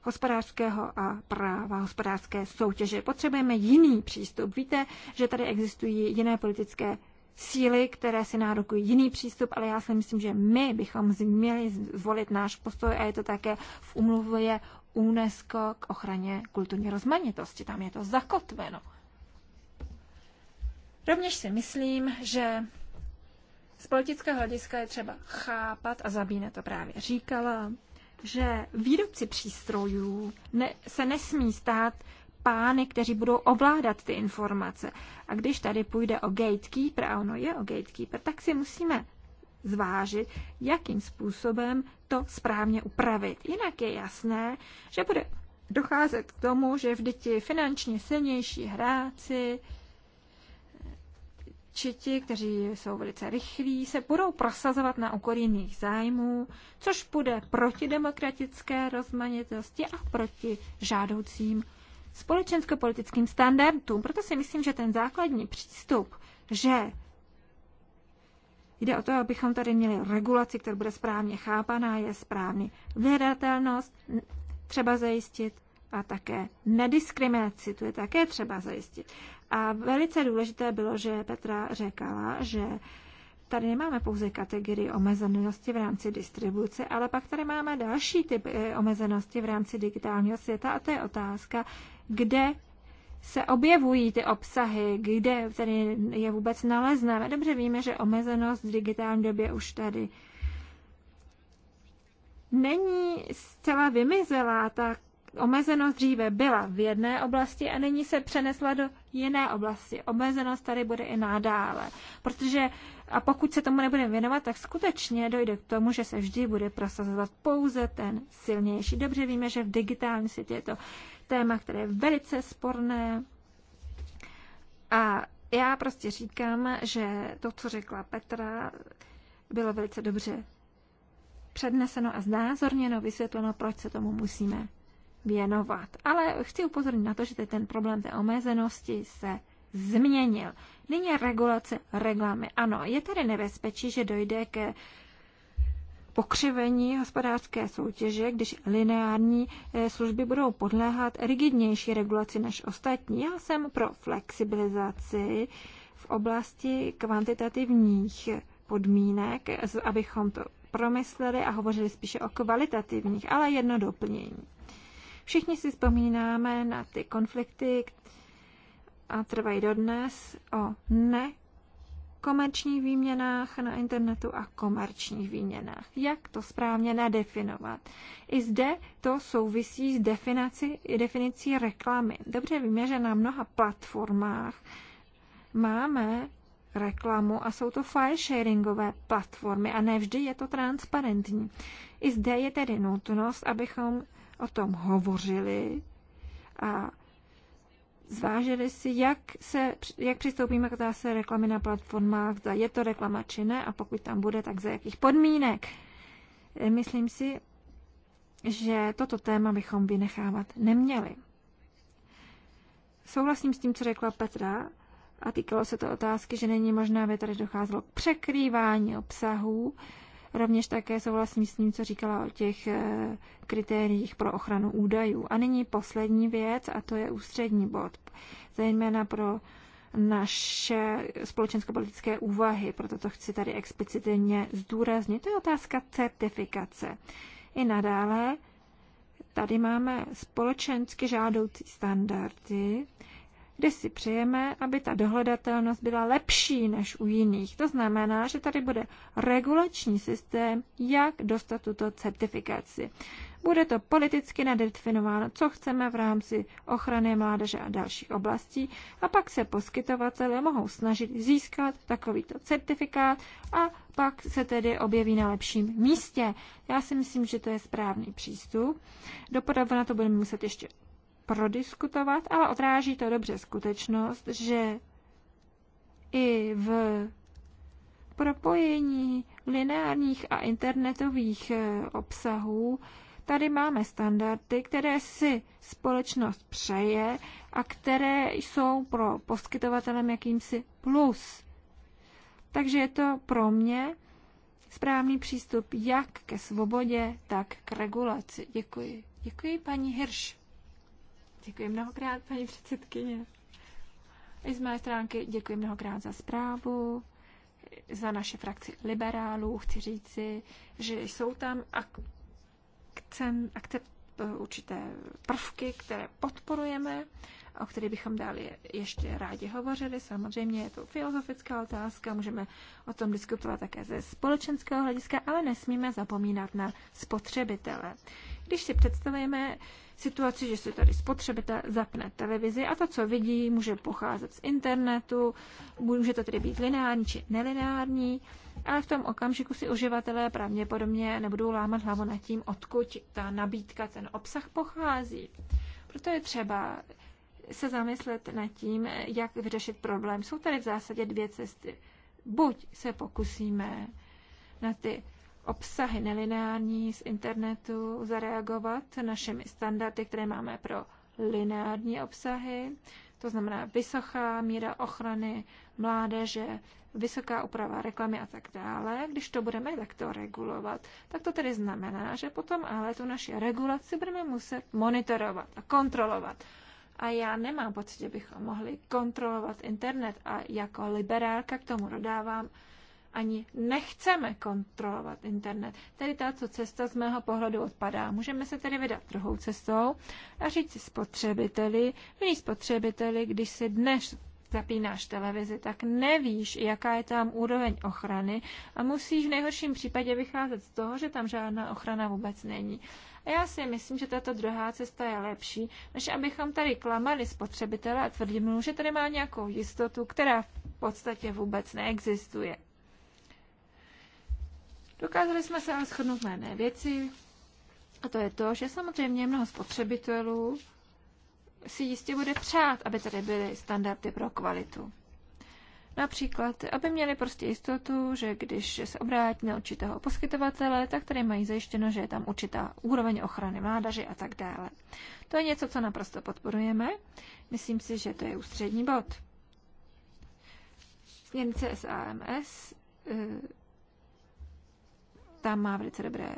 hospodářského a práva hospodářské soutěže. Potřebujeme jiný přístup. Víte, že tady existují jiné politické síly, které si nárokují jiný přístup, ale já si myslím, že my bychom měli zvolit náš postoj a je to také v umluvě UNESCO k ochraně kulturní rozmanitosti. Tam je to zakotveno. Rovněž si myslím, že z politického hlediska je třeba chápat, a Zabíne to právě říkala, že výrobci přístrojů ne, se nesmí stát pány, kteří budou ovládat ty informace. A když tady půjde o gatekeeper, a ono je o gatekeeper, tak si musíme zvážit, jakým způsobem to správně upravit. Jinak je jasné, že bude docházet k tomu, že vždy ti finančně silnější hráci či ti, kteří jsou velice rychlí, se budou prosazovat na úkor jiných zájmů, což bude proti demokratické rozmanitosti a proti žádoucím společensko-politickým standardům. Proto si myslím, že ten základní přístup, že jde o to, abychom tady měli regulaci, která bude správně chápaná, je správný. Vědatelnost třeba zajistit a také nediskriminaci, to je také třeba zajistit. A velice důležité bylo, že Petra řekala, že tady nemáme pouze kategorii omezenosti v rámci distribuce, ale pak tady máme další typ eh, omezenosti v rámci digitálního světa a to je otázka, kde se objevují ty obsahy, kde tady je vůbec nalezneme. Dobře víme, že omezenost v digitální době už tady není zcela vymizela, tak omezenost dříve byla v jedné oblasti a nyní se přenesla do jiné oblasti. Omezenost tady bude i nadále. Protože a pokud se tomu nebudeme věnovat, tak skutečně dojde k tomu, že se vždy bude prosazovat pouze ten silnější. Dobře víme, že v digitální světě je to téma, které je velice sporné. A já prostě říkám, že to, co řekla Petra, bylo velice dobře předneseno a znázorněno, vysvětleno, proč se tomu musíme věnovat. Ale chci upozornit na to, že ten problém té omezenosti se změnil. Nyní regulace reklamy. Ano, je tady nebezpečí, že dojde ke pokřivení hospodářské soutěže, když lineární eh, služby budou podléhat rigidnější regulaci než ostatní. Já jsem pro flexibilizaci v oblasti kvantitativních podmínek, abychom to promysleli a hovořili spíše o kvalitativních, ale jedno doplnění. Všichni si vzpomínáme na ty konflikty a trvají dodnes o ne komerčních výměnách na internetu a komerčních výměnách. Jak to správně nadefinovat? I zde to souvisí s definici, definicí reklamy. Dobře víme, že na mnoha platformách máme reklamu a jsou to file-sharingové platformy a nevždy je to transparentní. I zde je tedy nutnost, abychom o tom hovořili a zvážili si, jak, se, jak přistoupíme k otázce reklamy na platformách, zda je to reklama či ne a pokud tam bude, tak za jakých podmínek. E, myslím si, že toto téma bychom vynechávat neměli. Souhlasím s tím, co řekla Petra, a týkalo se to otázky, že není možné, aby tady docházelo k překrývání obsahů, Rovněž také souhlasím s tím, co říkala o těch eh, kritériích pro ochranu údajů. A nyní poslední věc, a to je ústřední bod, zejména pro naše společensko-politické úvahy, proto to chci tady explicitně zdůraznit. To je otázka certifikace. I nadále tady máme společensky žádoucí standardy, kde si přejeme, aby ta dohledatelnost byla lepší než u jiných. To znamená, že tady bude regulační systém, jak dostat tuto certifikaci. Bude to politicky nadefinováno, co chceme v rámci ochrany mládeže a dalších oblastí a pak se poskytovatelé mohou snažit získat takovýto certifikát a pak se tedy objeví na lepším místě. Já si myslím, že to je správný přístup. Dopodavu na to budeme muset ještě prodiskutovat, ale odráží to dobře skutečnost, že i v propojení lineárních a internetových eh, obsahů tady máme standardy, které si společnost přeje a které jsou pro poskytovatelem jakýmsi plus. Takže je to pro mě správný přístup jak ke svobodě, tak k regulaci. Děkuji. Děkuji paní Hirsch. Děkuji mnohokrát, paní předsedkyně. I z mé stránky děkuji mnohokrát za zprávu, za naše frakci liberálů. Chci říci, že jsou tam akcent, akcept, eh, určité prvky, které podporujeme, o kterých bychom dále ještě rádi hovořili. Samozřejmě je to filozofická otázka, můžeme o tom diskutovat také ze společenského hlediska, ale nesmíme zapomínat na spotřebitele. Když si představíme situaci, že si tady spotřebitel zapne televizi a to, co vidí, může pocházet z internetu, může to tedy být lineární či nelineární, ale v tom okamžiku si uživatelé pravděpodobně nebudou lámat hlavu nad tím, odkud ta nabídka, ten obsah pochází. Proto je třeba se zamyslet nad tím, jak vyřešit problém. Jsou tady v zásadě dvě cesty. Buď se pokusíme na ty obsahy nelineární z internetu zareagovat našimi standardy, které máme pro lineární obsahy, to znamená vysoká míra ochrany mládeže, vysoká úprava reklamy a tak dále. Když to budeme takto regulovat, tak to tedy znamená, že potom ale tu naši regulaci budeme muset monitorovat a kontrolovat. A já nemám pocit, že bychom mohli kontrolovat internet a jako liberálka k tomu dodávám, ani nechceme kontrolovat internet. Tedy tato cesta z mého pohledu odpadá. Můžeme se tedy vydat druhou cestou a říct si spotřebiteli, milí spotřebiteli, když si dnes zapínáš televizi, tak nevíš, jaká je tam úroveň ochrany a musíš v nejhorším případě vycházet z toho, že tam žádná ochrana vůbec není. A já si myslím, že tato druhá cesta je lepší, než abychom tady klamali spotřebitele a tvrdili mu, že tady má nějakou jistotu, která v podstatě vůbec neexistuje. Dokázali jsme se ale shodnout na jedné věci, a to je to, že samozřejmě mnoho spotřebitelů si jistě bude přát, aby tady byly standardy pro kvalitu. Například, aby měli prostě jistotu, že když se obrátí na určitého poskytovatele, tak tady mají zajištěno, že je tam určitá úroveň ochrany mládaže a tak dále. To je něco, co naprosto podporujeme. Myslím si, že to je ústřední bod. Směrnice SAMS tam má velice dobré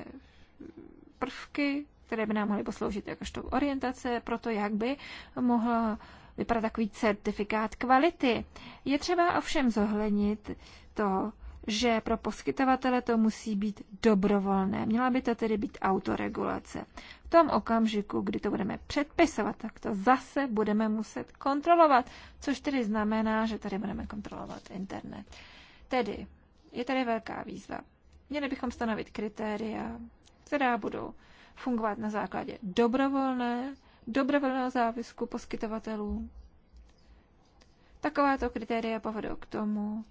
prvky, které by nám mohly posloužit jakožto orientace pro to, jak by mohla vypadat takový certifikát kvality. Je třeba ovšem zohlednit to, že pro poskytovatele to musí být dobrovolné. Měla by to tedy být autoregulace. V tom okamžiku, kdy to budeme předpisovat, tak to zase budeme muset kontrolovat, což tedy znamená, že tady budeme kontrolovat internet. Tedy je tady velká výzva. Měli bychom stanovit kritéria, která budou fungovat na základě dobrovolné, dobrovolného závisku poskytovatelů. Takováto kritéria povedou k tomu,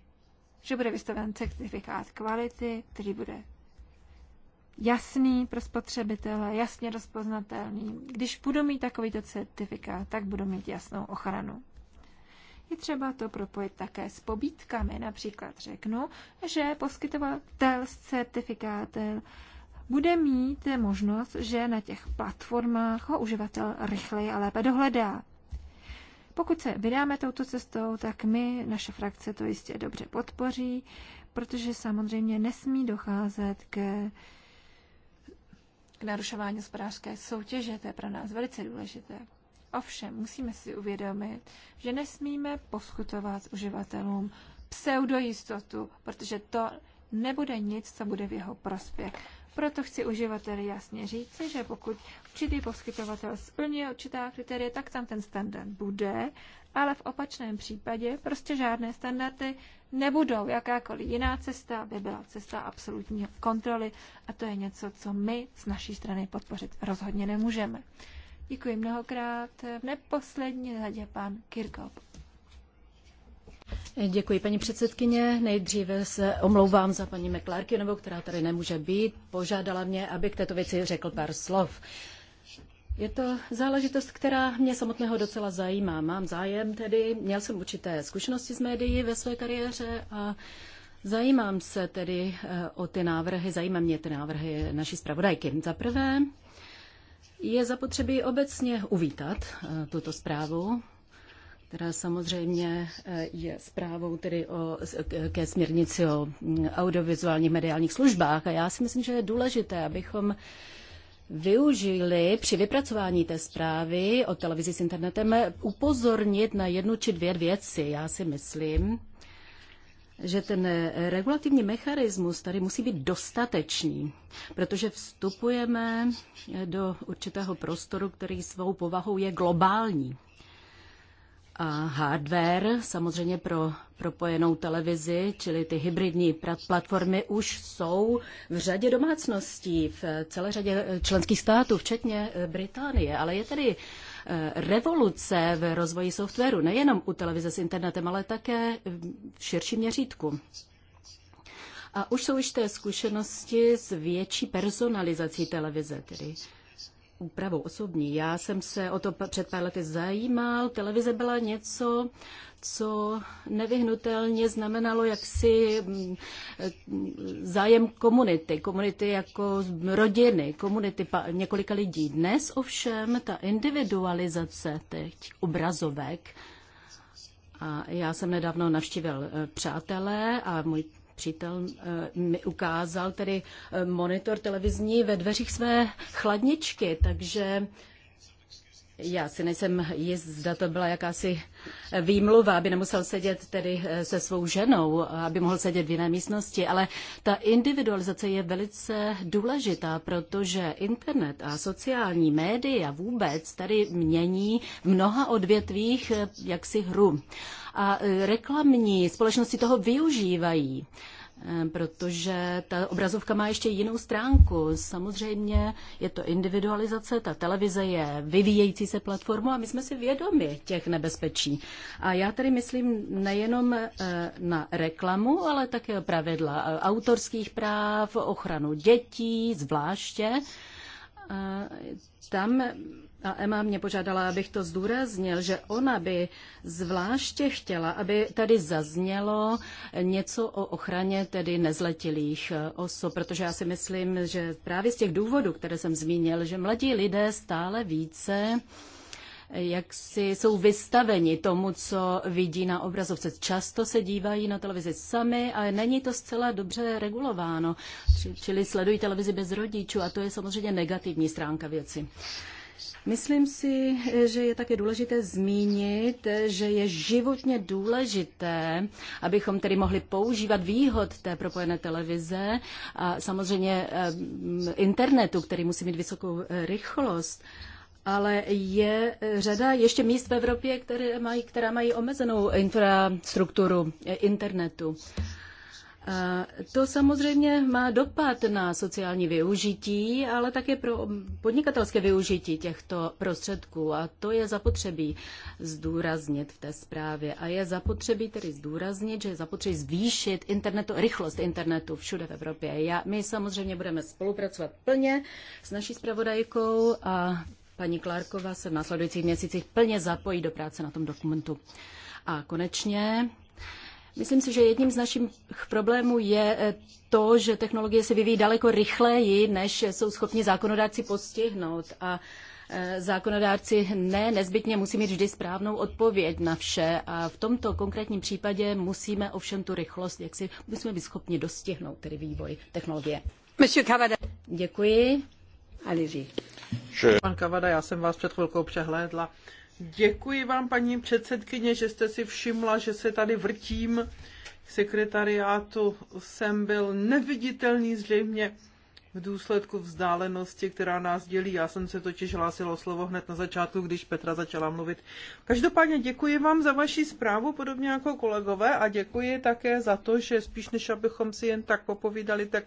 že bude vystaven certifikát kvality, který bude jasný pro spotřebitele, jasně rozpoznatelný. Když budu mít takovýto certifikát, tak budu mít jasnou ochranu je třeba to propojit také s pobítkami. Například řeknu, že poskytovatel s certifikátem eh, bude mít možnost, že na těch platformách ho uživatel rychleji a lépe dohledá. Pokud se vydáme touto cestou, tak my, naše frakce, to jistě dobře podpoří, protože samozřejmě nesmí docházet ke k narušování hospodářské soutěže. To je pro nás velice důležité. Ovšem, musíme si uvědomit, že nesmíme poskutovat uživatelům pseudojistotu, protože to nebude nic, co bude v jeho prospěch. Proto chci uživateli jasně říci, že pokud určitý poskytovatel splní určitá kritéria, tak tam ten standard bude, ale v opačném případě prostě žádné standardy nebudou. Jakákoliv jiná cesta by byla cesta absolutní kontroly a to je něco, co my z naší strany podpořit rozhodně nemůžeme. Děkuji mnohokrát. V neposlední řadě pan Kirkop. Děkuji, paní předsedkyně. Nejdříve se omlouvám za paní McClarkinovou, která tady nemůže být. Požádala mě, aby k této věci řekl pár slov. Je to záležitost, která mě samotného docela zajímá. Mám zájem tedy, měl jsem určité zkušenosti z médií ve své kariéře a zajímám se tedy eh, o ty návrhy, zajímá mě ty návrhy naší zpravodajky. Za prvé, je zapotřebí obecně uvítat eh, tuto zprávu, která samozřejmě eh, je zprávou tedy o, ke směrnici o mm, audiovizuálních mediálních službách. A já si myslím, že je důležité, abychom využili při vypracování té zprávy o televizi s internetem upozornit na jednu či dvě věci. Já si myslím, že ten regulativní mechanismus tady musí být dostatečný, protože vstupujeme do určitého prostoru, který svou povahou je globální. A hardware samozřejmě pro propojenou televizi, čili ty hybridní platformy už jsou v řadě domácností, v celé řadě eh, členských států, včetně eh, Británie. Ale je tady. Eh, revoluce v rozvoji softwaru, nejenom u televize s internetem, ale také v širším měřítku. A už jsou již té zkušenosti s větší personalizací televize, tedy úpravou osobní. Já jsem se o to před pár lety zajímal. Televize byla něco, co nevyhnutelně znamenalo jaksi mm, e, zájem komunity, komunity jako rodiny, komunity několika lidí. Dnes ovšem ta individualizace teď obrazovek, a já jsem nedávno navštívil e, přátelé a můj přítel eh, mi ukázal tedy eh, monitor televizní ve dveřích své chladničky, takže já si nejsem jist, zda to byla jakási výmluva, aby nemusel sedět tedy eh, se svou ženou, aby mohl sedět v jiné místnosti, ale ta individualizace je velice důležitá, protože internet a sociální média vůbec tady mění v mnoha odvětvích jaksi hru a e, reklamní společnosti toho využívají e, protože ta obrazovka má ještě jinou stránku. Samozřejmě je to individualizace, ta televize je vyvíjející se platformu a my jsme si vědomi těch nebezpečí. A já tady myslím nejenom e, na reklamu, ale také pravidla autorských práv, ochranu dětí, zvláště. Tam a Emma mě požádala, abych to zdůraznil, že ona by zvláště chtěla, aby tady zaznělo něco o ochraně tedy nezletilých osob, protože já si myslím, že právě z těch důvodů, které jsem zmínil, že mladí lidé stále více jak si jsou vystaveni tomu, co vidí na obrazovce. Často se dívají na televizi sami a není to zcela dobře regulováno. Čili sledují televizi bez rodičů a to je samozřejmě negativní stránka věci. Myslím si, že je také důležité zmínit, že je životně důležité, abychom tedy mohli používat výhod té propojené televize a samozřejmě eh, internetu, který musí mít vysokou eh, rychlost. Ale je eh, řada ještě míst v Evropě, které mají, která mají omezenou infrastrukturu internetu. To samozřejmě má dopad na sociální využití, ale také pro podnikatelské využití těchto prostředků. A to je zapotřebí zdůraznit v té zprávě. A je zapotřebí tedy zdůraznit, že je zapotřebí zvýšit internetu, rychlost internetu všude v Evropě. Já, my samozřejmě budeme spolupracovat plně s naší zpravodajkou a paní Klárkova se v následujících měsících plně zapojí do práce na tom dokumentu. A konečně Myslím si, že jedním z našich problémů je eh, to, že technologie se vyvíjí daleko rychleji, než jsou schopni zákonodárci postihnout. A eh, zákonodárci ne, nezbytně musí mít vždy správnou odpověď na vše a v tomto konkrétním případě musíme ovšem tu rychlost, jak si musíme být schopni dostihnout tedy vývoj technologie. Děkuji. Pan Kavada, já jsem vás před chvilkou přehlédla. Děkuji vám, paní předsedkyně, že jste si všimla, že se tady vrtím. K sekretariátu jsem byl neviditelný zřejmě v důsledku vzdálenosti, která nás dělí. Já jsem se totiž hlásil o slovo hned na začátku, když Petra začala mluvit. Každopádně děkuji vám za vaši zprávu, podobně jako kolegové, a děkuji také za to, že spíš než abychom si jen tak popovídali, tak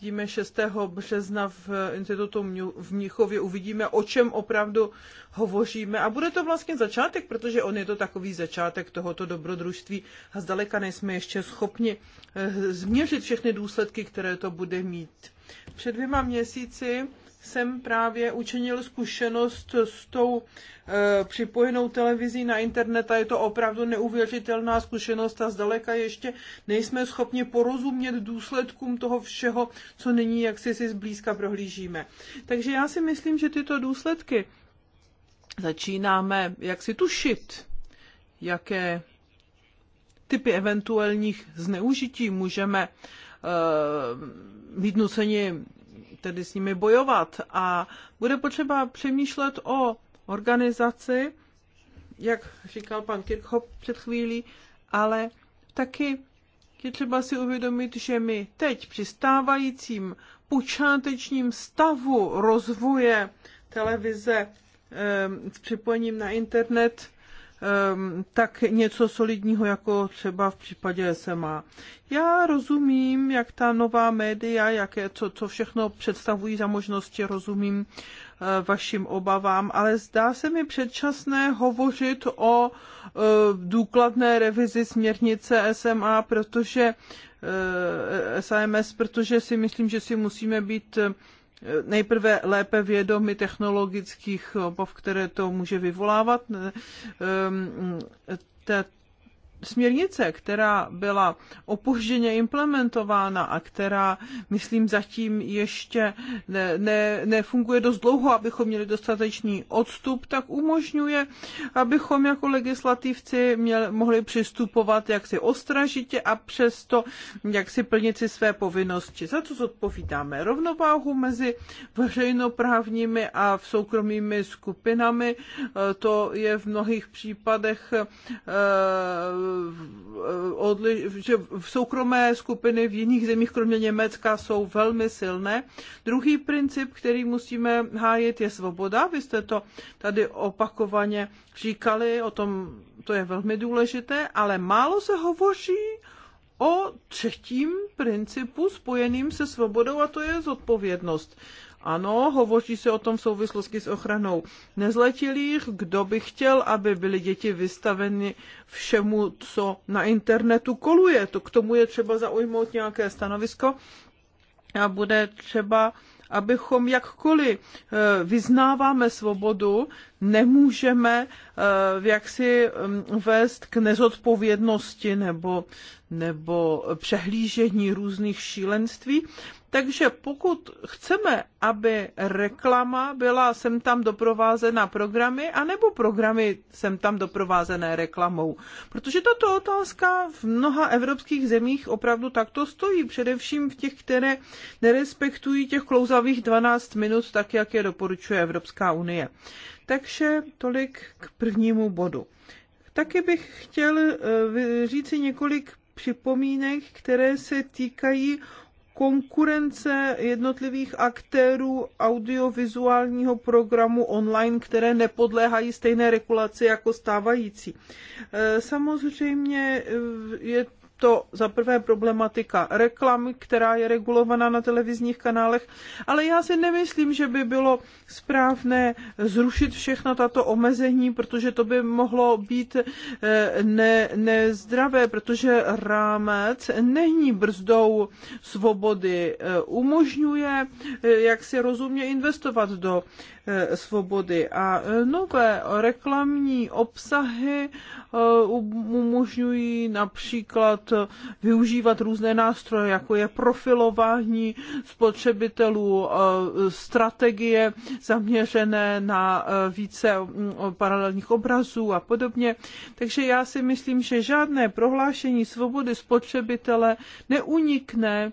vidíme 6. března v eh, institutu v Mnichově, uvidíme, o čem opravdu hovoříme. A bude to vlastně začátek, protože on je to takový začátek tohoto dobrodružství a zdaleka nejsme ještě schopni eh, změřit všechny důsledky, které to bude mít. Před dvěma měsíci jsem právě učinil zkušenost s tou e, připojenou televizí na internet a je to opravdu neuvěřitelná zkušenost a zdaleka ještě nejsme schopni porozumět důsledkům toho všeho, co nyní jak si si zblízka prohlížíme. Takže já si myslím, že tyto důsledky začínáme jak si tušit, jaké typy eventuálních zneužití můžeme e, být nuceni tedy s nimi bojovat. A bude potřeba přemýšlet o organizaci, jak říkal pan Kirchhoff před chvílí, ale taky je třeba si uvědomit, že my teď při stávajícím počátečním stavu rozvoje televize eh, s připojením na internet Ehm, tak něco solidního, jako třeba v případě SMA. Já rozumím, jak ta nová média, jak je, co, co všechno představují za možnosti, rozumím eh, vašim obavám, ale zdá se mi předčasné hovořit o eh, důkladné revizi směrnice SMA, protože SAMS, eh, protože si myslím, že si musíme být nejprve lépe vědomi technologických obav, které to může vyvolávat. Ehm, směrnice, která byla opožděně implementována a která, myslím, zatím ještě ne, ne, dost dlouho, abychom měli dostatečný odstup, tak umožňuje, abychom jako legislativci měli, mohli přistupovat jaksi ostražitě a přesto jaksi plnit si své povinnosti. Za co zodpovídáme? Rovnováhu mezi veřejnoprávními a v soukromými skupinami, e, to je v mnohých případech e, odli, že v soukromé skupiny v jiných zemích, kromě Německa, jsou velmi silné. Druhý princip, který musíme hájit, je svoboda. Vy jste to tady opakovaně říkali, o tom to je velmi důležité, ale málo se hovoří o třetím principu spojeným se svobodou a to je zodpovědnost. Ano, hovoří se o tom v souvislosti s ochranou nezletilých. Kdo by chtěl, aby byly děti vystaveny všemu, co na internetu koluje? To k tomu je třeba zaujmout nějaké stanovisko a bude třeba abychom jakkoliv eh, vyznáváme svobodu, nemůžeme eh, jaksi mm, vést k nezodpovědnosti nebo, nebo přehlížení různých šílenství. Takže pokud chceme, aby reklama byla sem tam doprovázena programy, anebo programy sem tam doprovázené reklamou. Protože tato otázka v mnoha evropských zemích opravdu takto stojí, především v těch, které nerespektují těch klouzavých 12 minut, tak jak je doporučuje Evropská unie. Takže tolik k prvnímu bodu. Taky bych chtěl eh, říci několik připomínek, které se týkají konkurence jednotlivých aktérů audiovizuálního programu online, které nepodléhají stejné regulaci jako stávající. E, samozřejmě e, je to za prvé problematika reklamy, která je regulovaná na televizních kanálech, ale já si nemyslím, že by bylo správné zrušit všechna tato omezení, protože to by mohlo být eh, ne, nezdravé, protože rámec není brzdou svobody. Eh, umožňuje, eh, jak si rozumně investovat do svobody a nové reklamní obsahy umožňují například využívat různé nástroje, jako je profilování spotřebitelů, eh, strategie zaměřené na eh, více mm, paralelních obrazů a podobně. Takže já si myslím, že žádné prohlášení svobody spotřebitele neunikne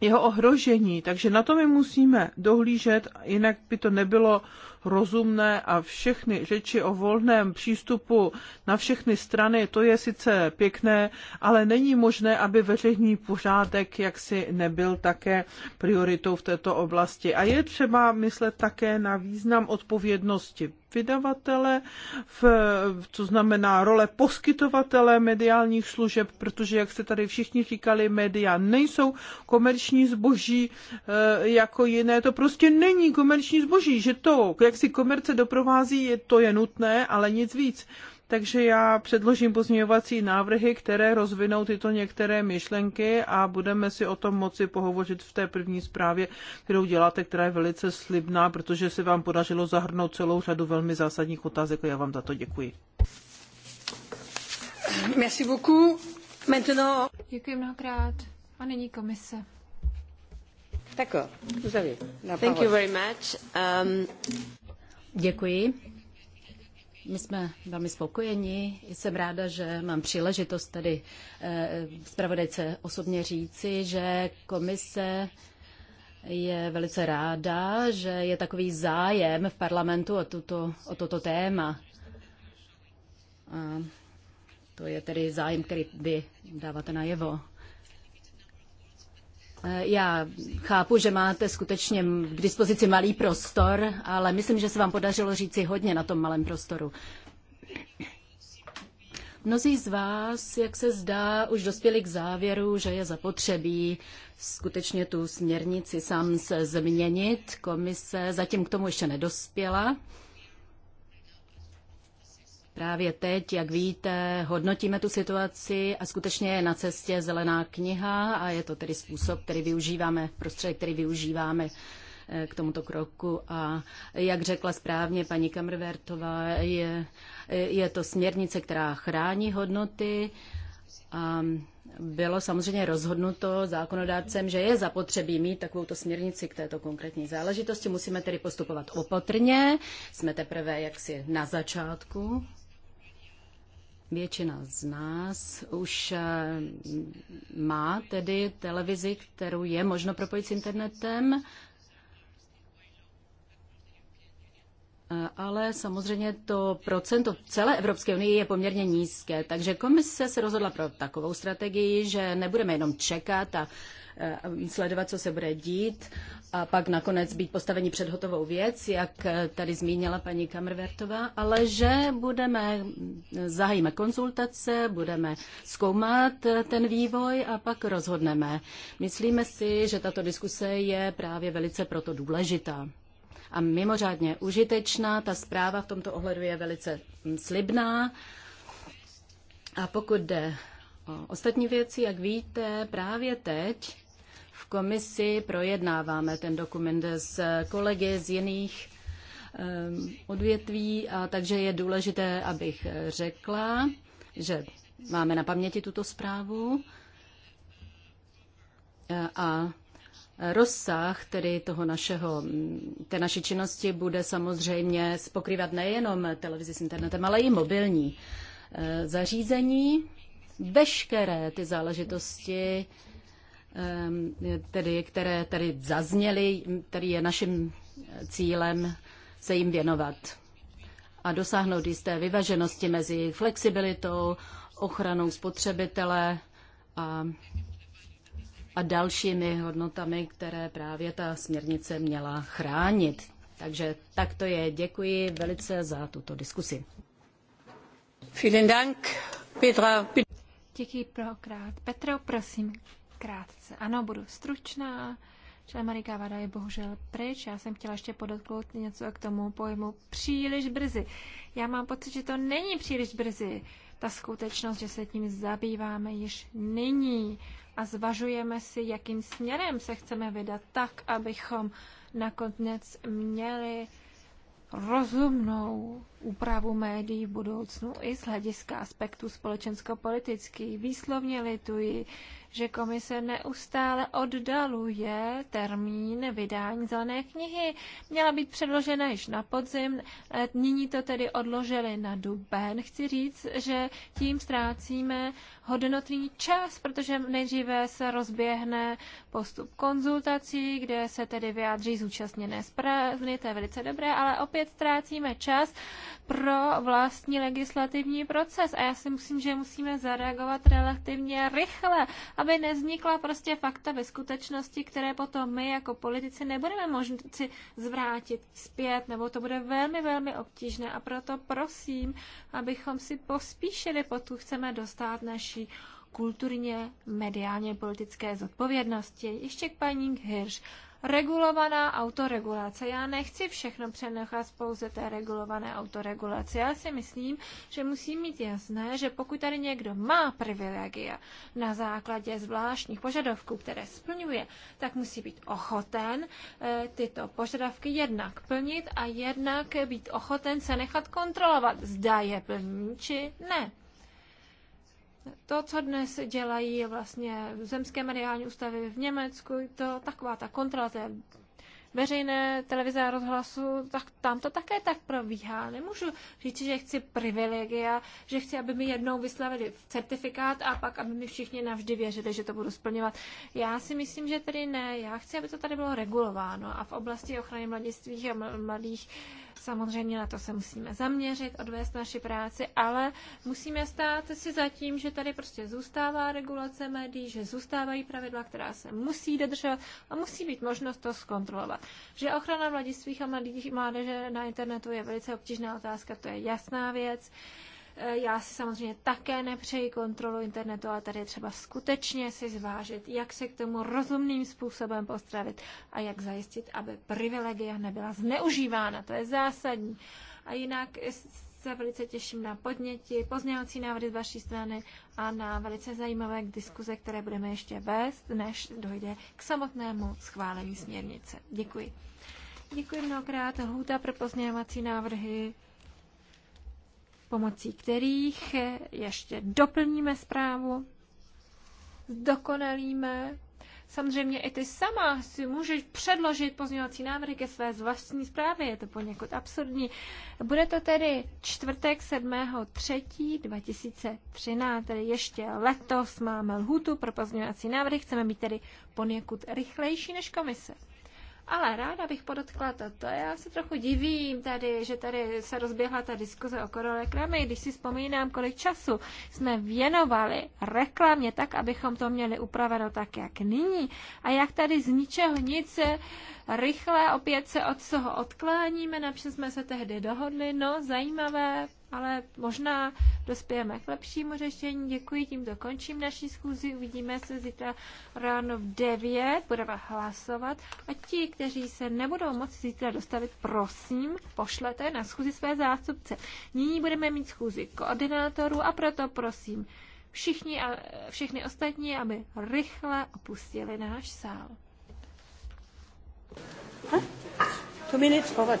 jeho ohrožení. Takže na to my musíme dohlížet, jinak by to nebylo rozumné a všechny řeči o volném přístupu na všechny strany, to je sice pěkné, ale není možné, aby veřejný pořádek jaksi nebyl také prioritou v této oblasti. A je třeba myslet také na význam odpovědnosti vydavatele, v, co znamená role poskytovatele mediálních služeb, protože, jak se tady všichni říkali, média nejsou komerční zboží eh, jako jiné. To prostě není komerční zboží, že to, jak si komerce doprovází, je to je nutné, ale nic víc. Takže já předložím pozměňovací návrhy, které rozvinou tyto některé myšlenky a budeme si o tom moci pohovořit v té první zprávě, kterou děláte, která je velice slibná, protože se vám podařilo zahrnout celou řadu velmi zásadních otázek a já vám za to děkuji. Merci beaucoup. Maintenant... Děkuji mnohokrát. A nyní komise. D'accord, vous avez la parole. Thank you very much. Um... Děkuji. My jsme velmi spokojeni. Jsem ráda, že mám příležitost tady eh, zpravodajce osobně říci, že komise je velice ráda, že je takový zájem v parlamentu o, tuto, o toto téma. A to je tedy zájem, který vy dáváte najevo. Eh, já chápu, že máte skutečně k dispozici malý prostor, ale myslím, že se vám podařilo říci hodně na tom malém prostoru. Mnozí z vás, jak se zdá, už dospěli k závěru, že je zapotřebí skutečně tu směrnici sám se změnit. Komise zatím k tomu ještě nedospěla. Právě teď, jak víte, hodnotíme tu situaci a skutečně je na cestě zelená kniha a je to tedy způsob, který využíváme, prostředek, který využíváme eh, k tomuto kroku. A jak řekla správně paní Kamrvertová, je, eh, je to směrnice, která chrání hodnoty. A bylo samozřejmě rozhodnuto zákonodárcem, že je zapotřebí mít takovou směrnici k této konkrétní záležitosti. Musíme tedy postupovat opatrně. Jsme teprve jaksi na začátku Většina z nás už eh, má tedy televizi, kterou je možno propojit s internetem, eh, ale samozřejmě to procento v celé Evropské unii je poměrně nízké, takže komise se rozhodla pro takovou strategii, že nebudeme jenom čekat a Eh, sledovat, co se bude dít a pak nakonec být postaveni před hotovou věc, jak eh, tady zmínila paní Kamrvertová, ale že budeme, mm, zahajíme konzultace, budeme zkoumat eh, ten vývoj a pak rozhodneme. Myslíme si, že tato diskuse je právě velice proto důležitá a mimořádně užitečná. Ta zpráva v tomto ohledu je velice mm, slibná. A pokud jde o ostatní věci, jak víte, právě teď komisi projednáváme ten dokument s kolegy z jiných ehm, odvětví, a takže je důležité, abych řekla, že máme na paměti tuto zprávu e, a Rozsah tedy toho našeho, mm, té naší činnosti bude samozřejmě pokrývat nejenom televizi s internetem, ale i mobilní e, zařízení. Veškeré ty záležitosti, Ehm, tedy, které tady zazněly, tedy je naším cílem se jim věnovat a dosáhnout jisté vyvaženosti mezi flexibilitou, ochranou spotřebitele a, a dalšími hodnotami, které právě ta směrnice měla chránit. Takže tak to je. Děkuji velice za tuto diskusi. Vielen Dank, Petra. Děkuji prokrát. Petro, prosím krátce. Ano, budu stručná. Marika Vada je bohužel pryč. Já jsem chtěla ještě podotknout něco k tomu pojmu příliš brzy. Já mám pocit, že to není příliš brzy. Ta skutečnost, že se tím zabýváme již nyní a zvažujeme si, jakým směrem se chceme vydat tak, abychom nakonec měli rozumnou úpravu médií v budoucnu i z hlediska aspektu společensko politický Výslovně lituji, že komise neustále oddaluje termín vydání zelené knihy. Měla být předložena již na podzim, eh, nyní to tedy odložili na duben. Chci říct, že tím ztrácíme hodnotný čas, protože nejdříve se rozběhne postup konzultací, kde se tedy vyjádří zúčastněné správny, to je velice dobré, ale opět ztrácíme čas pro vlastní legislativní proces a já si myslím, že musíme zareagovat relativně rychle, aby neznikla prostě fakta ve skutečnosti, které potom my jako politici nebudeme možnici zvrátit zpět, nebo to bude velmi, velmi obtížné a proto prosím, abychom si pospíšili, potu chceme dostat naši naší kulturně, mediálně, politické zodpovědnosti. Ještě k paní Hirsch. Regulovaná autoregulace. Já nechci všechno přenechat pouze té regulované autoregulace. Já si myslím, že musí mít jasné, že pokud tady někdo má privilegia na základě zvláštních požadavků, které splňuje, tak musí být ochoten eh, tyto požadavky jednak plnit a jednak být ochoten se nechat kontrolovat, zda je plní či ne. To, co dnes dělají vlastně zemské mediální ústavy v Německu, to taková ta kontrola té veřejné televize a rozhlasu, tak tam to také tak probíhá. Nemůžu říct, že chci privilegia, že chci, aby mi jednou vyslavili certifikát a pak, aby mi všichni navždy věřili, že to budu splňovat. Já si myslím, že tedy ne. Já chci, aby to tady bylo regulováno a v oblasti ochrany mladistvých a mladých Samozřejmě na to se musíme zaměřit, odvést naši práci, ale musíme stát si za tím, že tady prostě zůstává regulace médií, že zůstávají pravidla, která se musí dodržovat a musí být možnost to zkontrolovat že ochrana mladistvých a mladých mládeže na internetu je velice obtížná otázka, to je jasná věc. E, já si samozřejmě také nepřeji kontrolu internetu, ale tady je třeba skutečně si zvážit, jak se k tomu rozumným způsobem postavit a jak zajistit, aby privilegia nebyla zneužívána. To je zásadní. A jinak se velice těším na podněti, pozměňovací návrhy z vaší strany a na velice zajímavé diskuze, které budeme ještě vést, než dojde k samotnému schválení směrnice. Děkuji. Děkuji mnohokrát. Lhůta pro pozměňovací návrhy, pomocí kterých ještě doplníme zprávu, zdokonalíme Samozřejmě i ty sama si můžeš předložit pozměňovací návrhy ke své vlastní zprávě, je to poněkud absurdní. Bude to tedy čtvrtek 7.3.2013, tedy ještě letos máme lhutu pro pozměňovací návrhy, chceme být tedy poněkud rychlejší než komise. Ale ráda bych podotkla toto. Já se trochu divím tady, že tady se rozběhla ta diskuze o korole kremy, když si vzpomínám, kolik času jsme věnovali reklamě tak, abychom to měli upraveno tak, jak nyní. A jak tady z ničeho nic rychle opět se od toho odkláníme, na jsme se tehdy dohodli. No, zajímavé, ale možná dospějeme k lepšímu řešení. Děkuji, tímto končím naší schůzi. Uvidíme se zítra ráno v 9, budeme hlasovat. A ti, kteří se nebudou moci zítra dostavit, prosím, pošlete na schůzi své zástupce. Nyní budeme mít schůzi koordinátorů a proto prosím všichni a všechny ostatní, aby rychle opustili náš sál. Huh? Hm? Two minutes forward.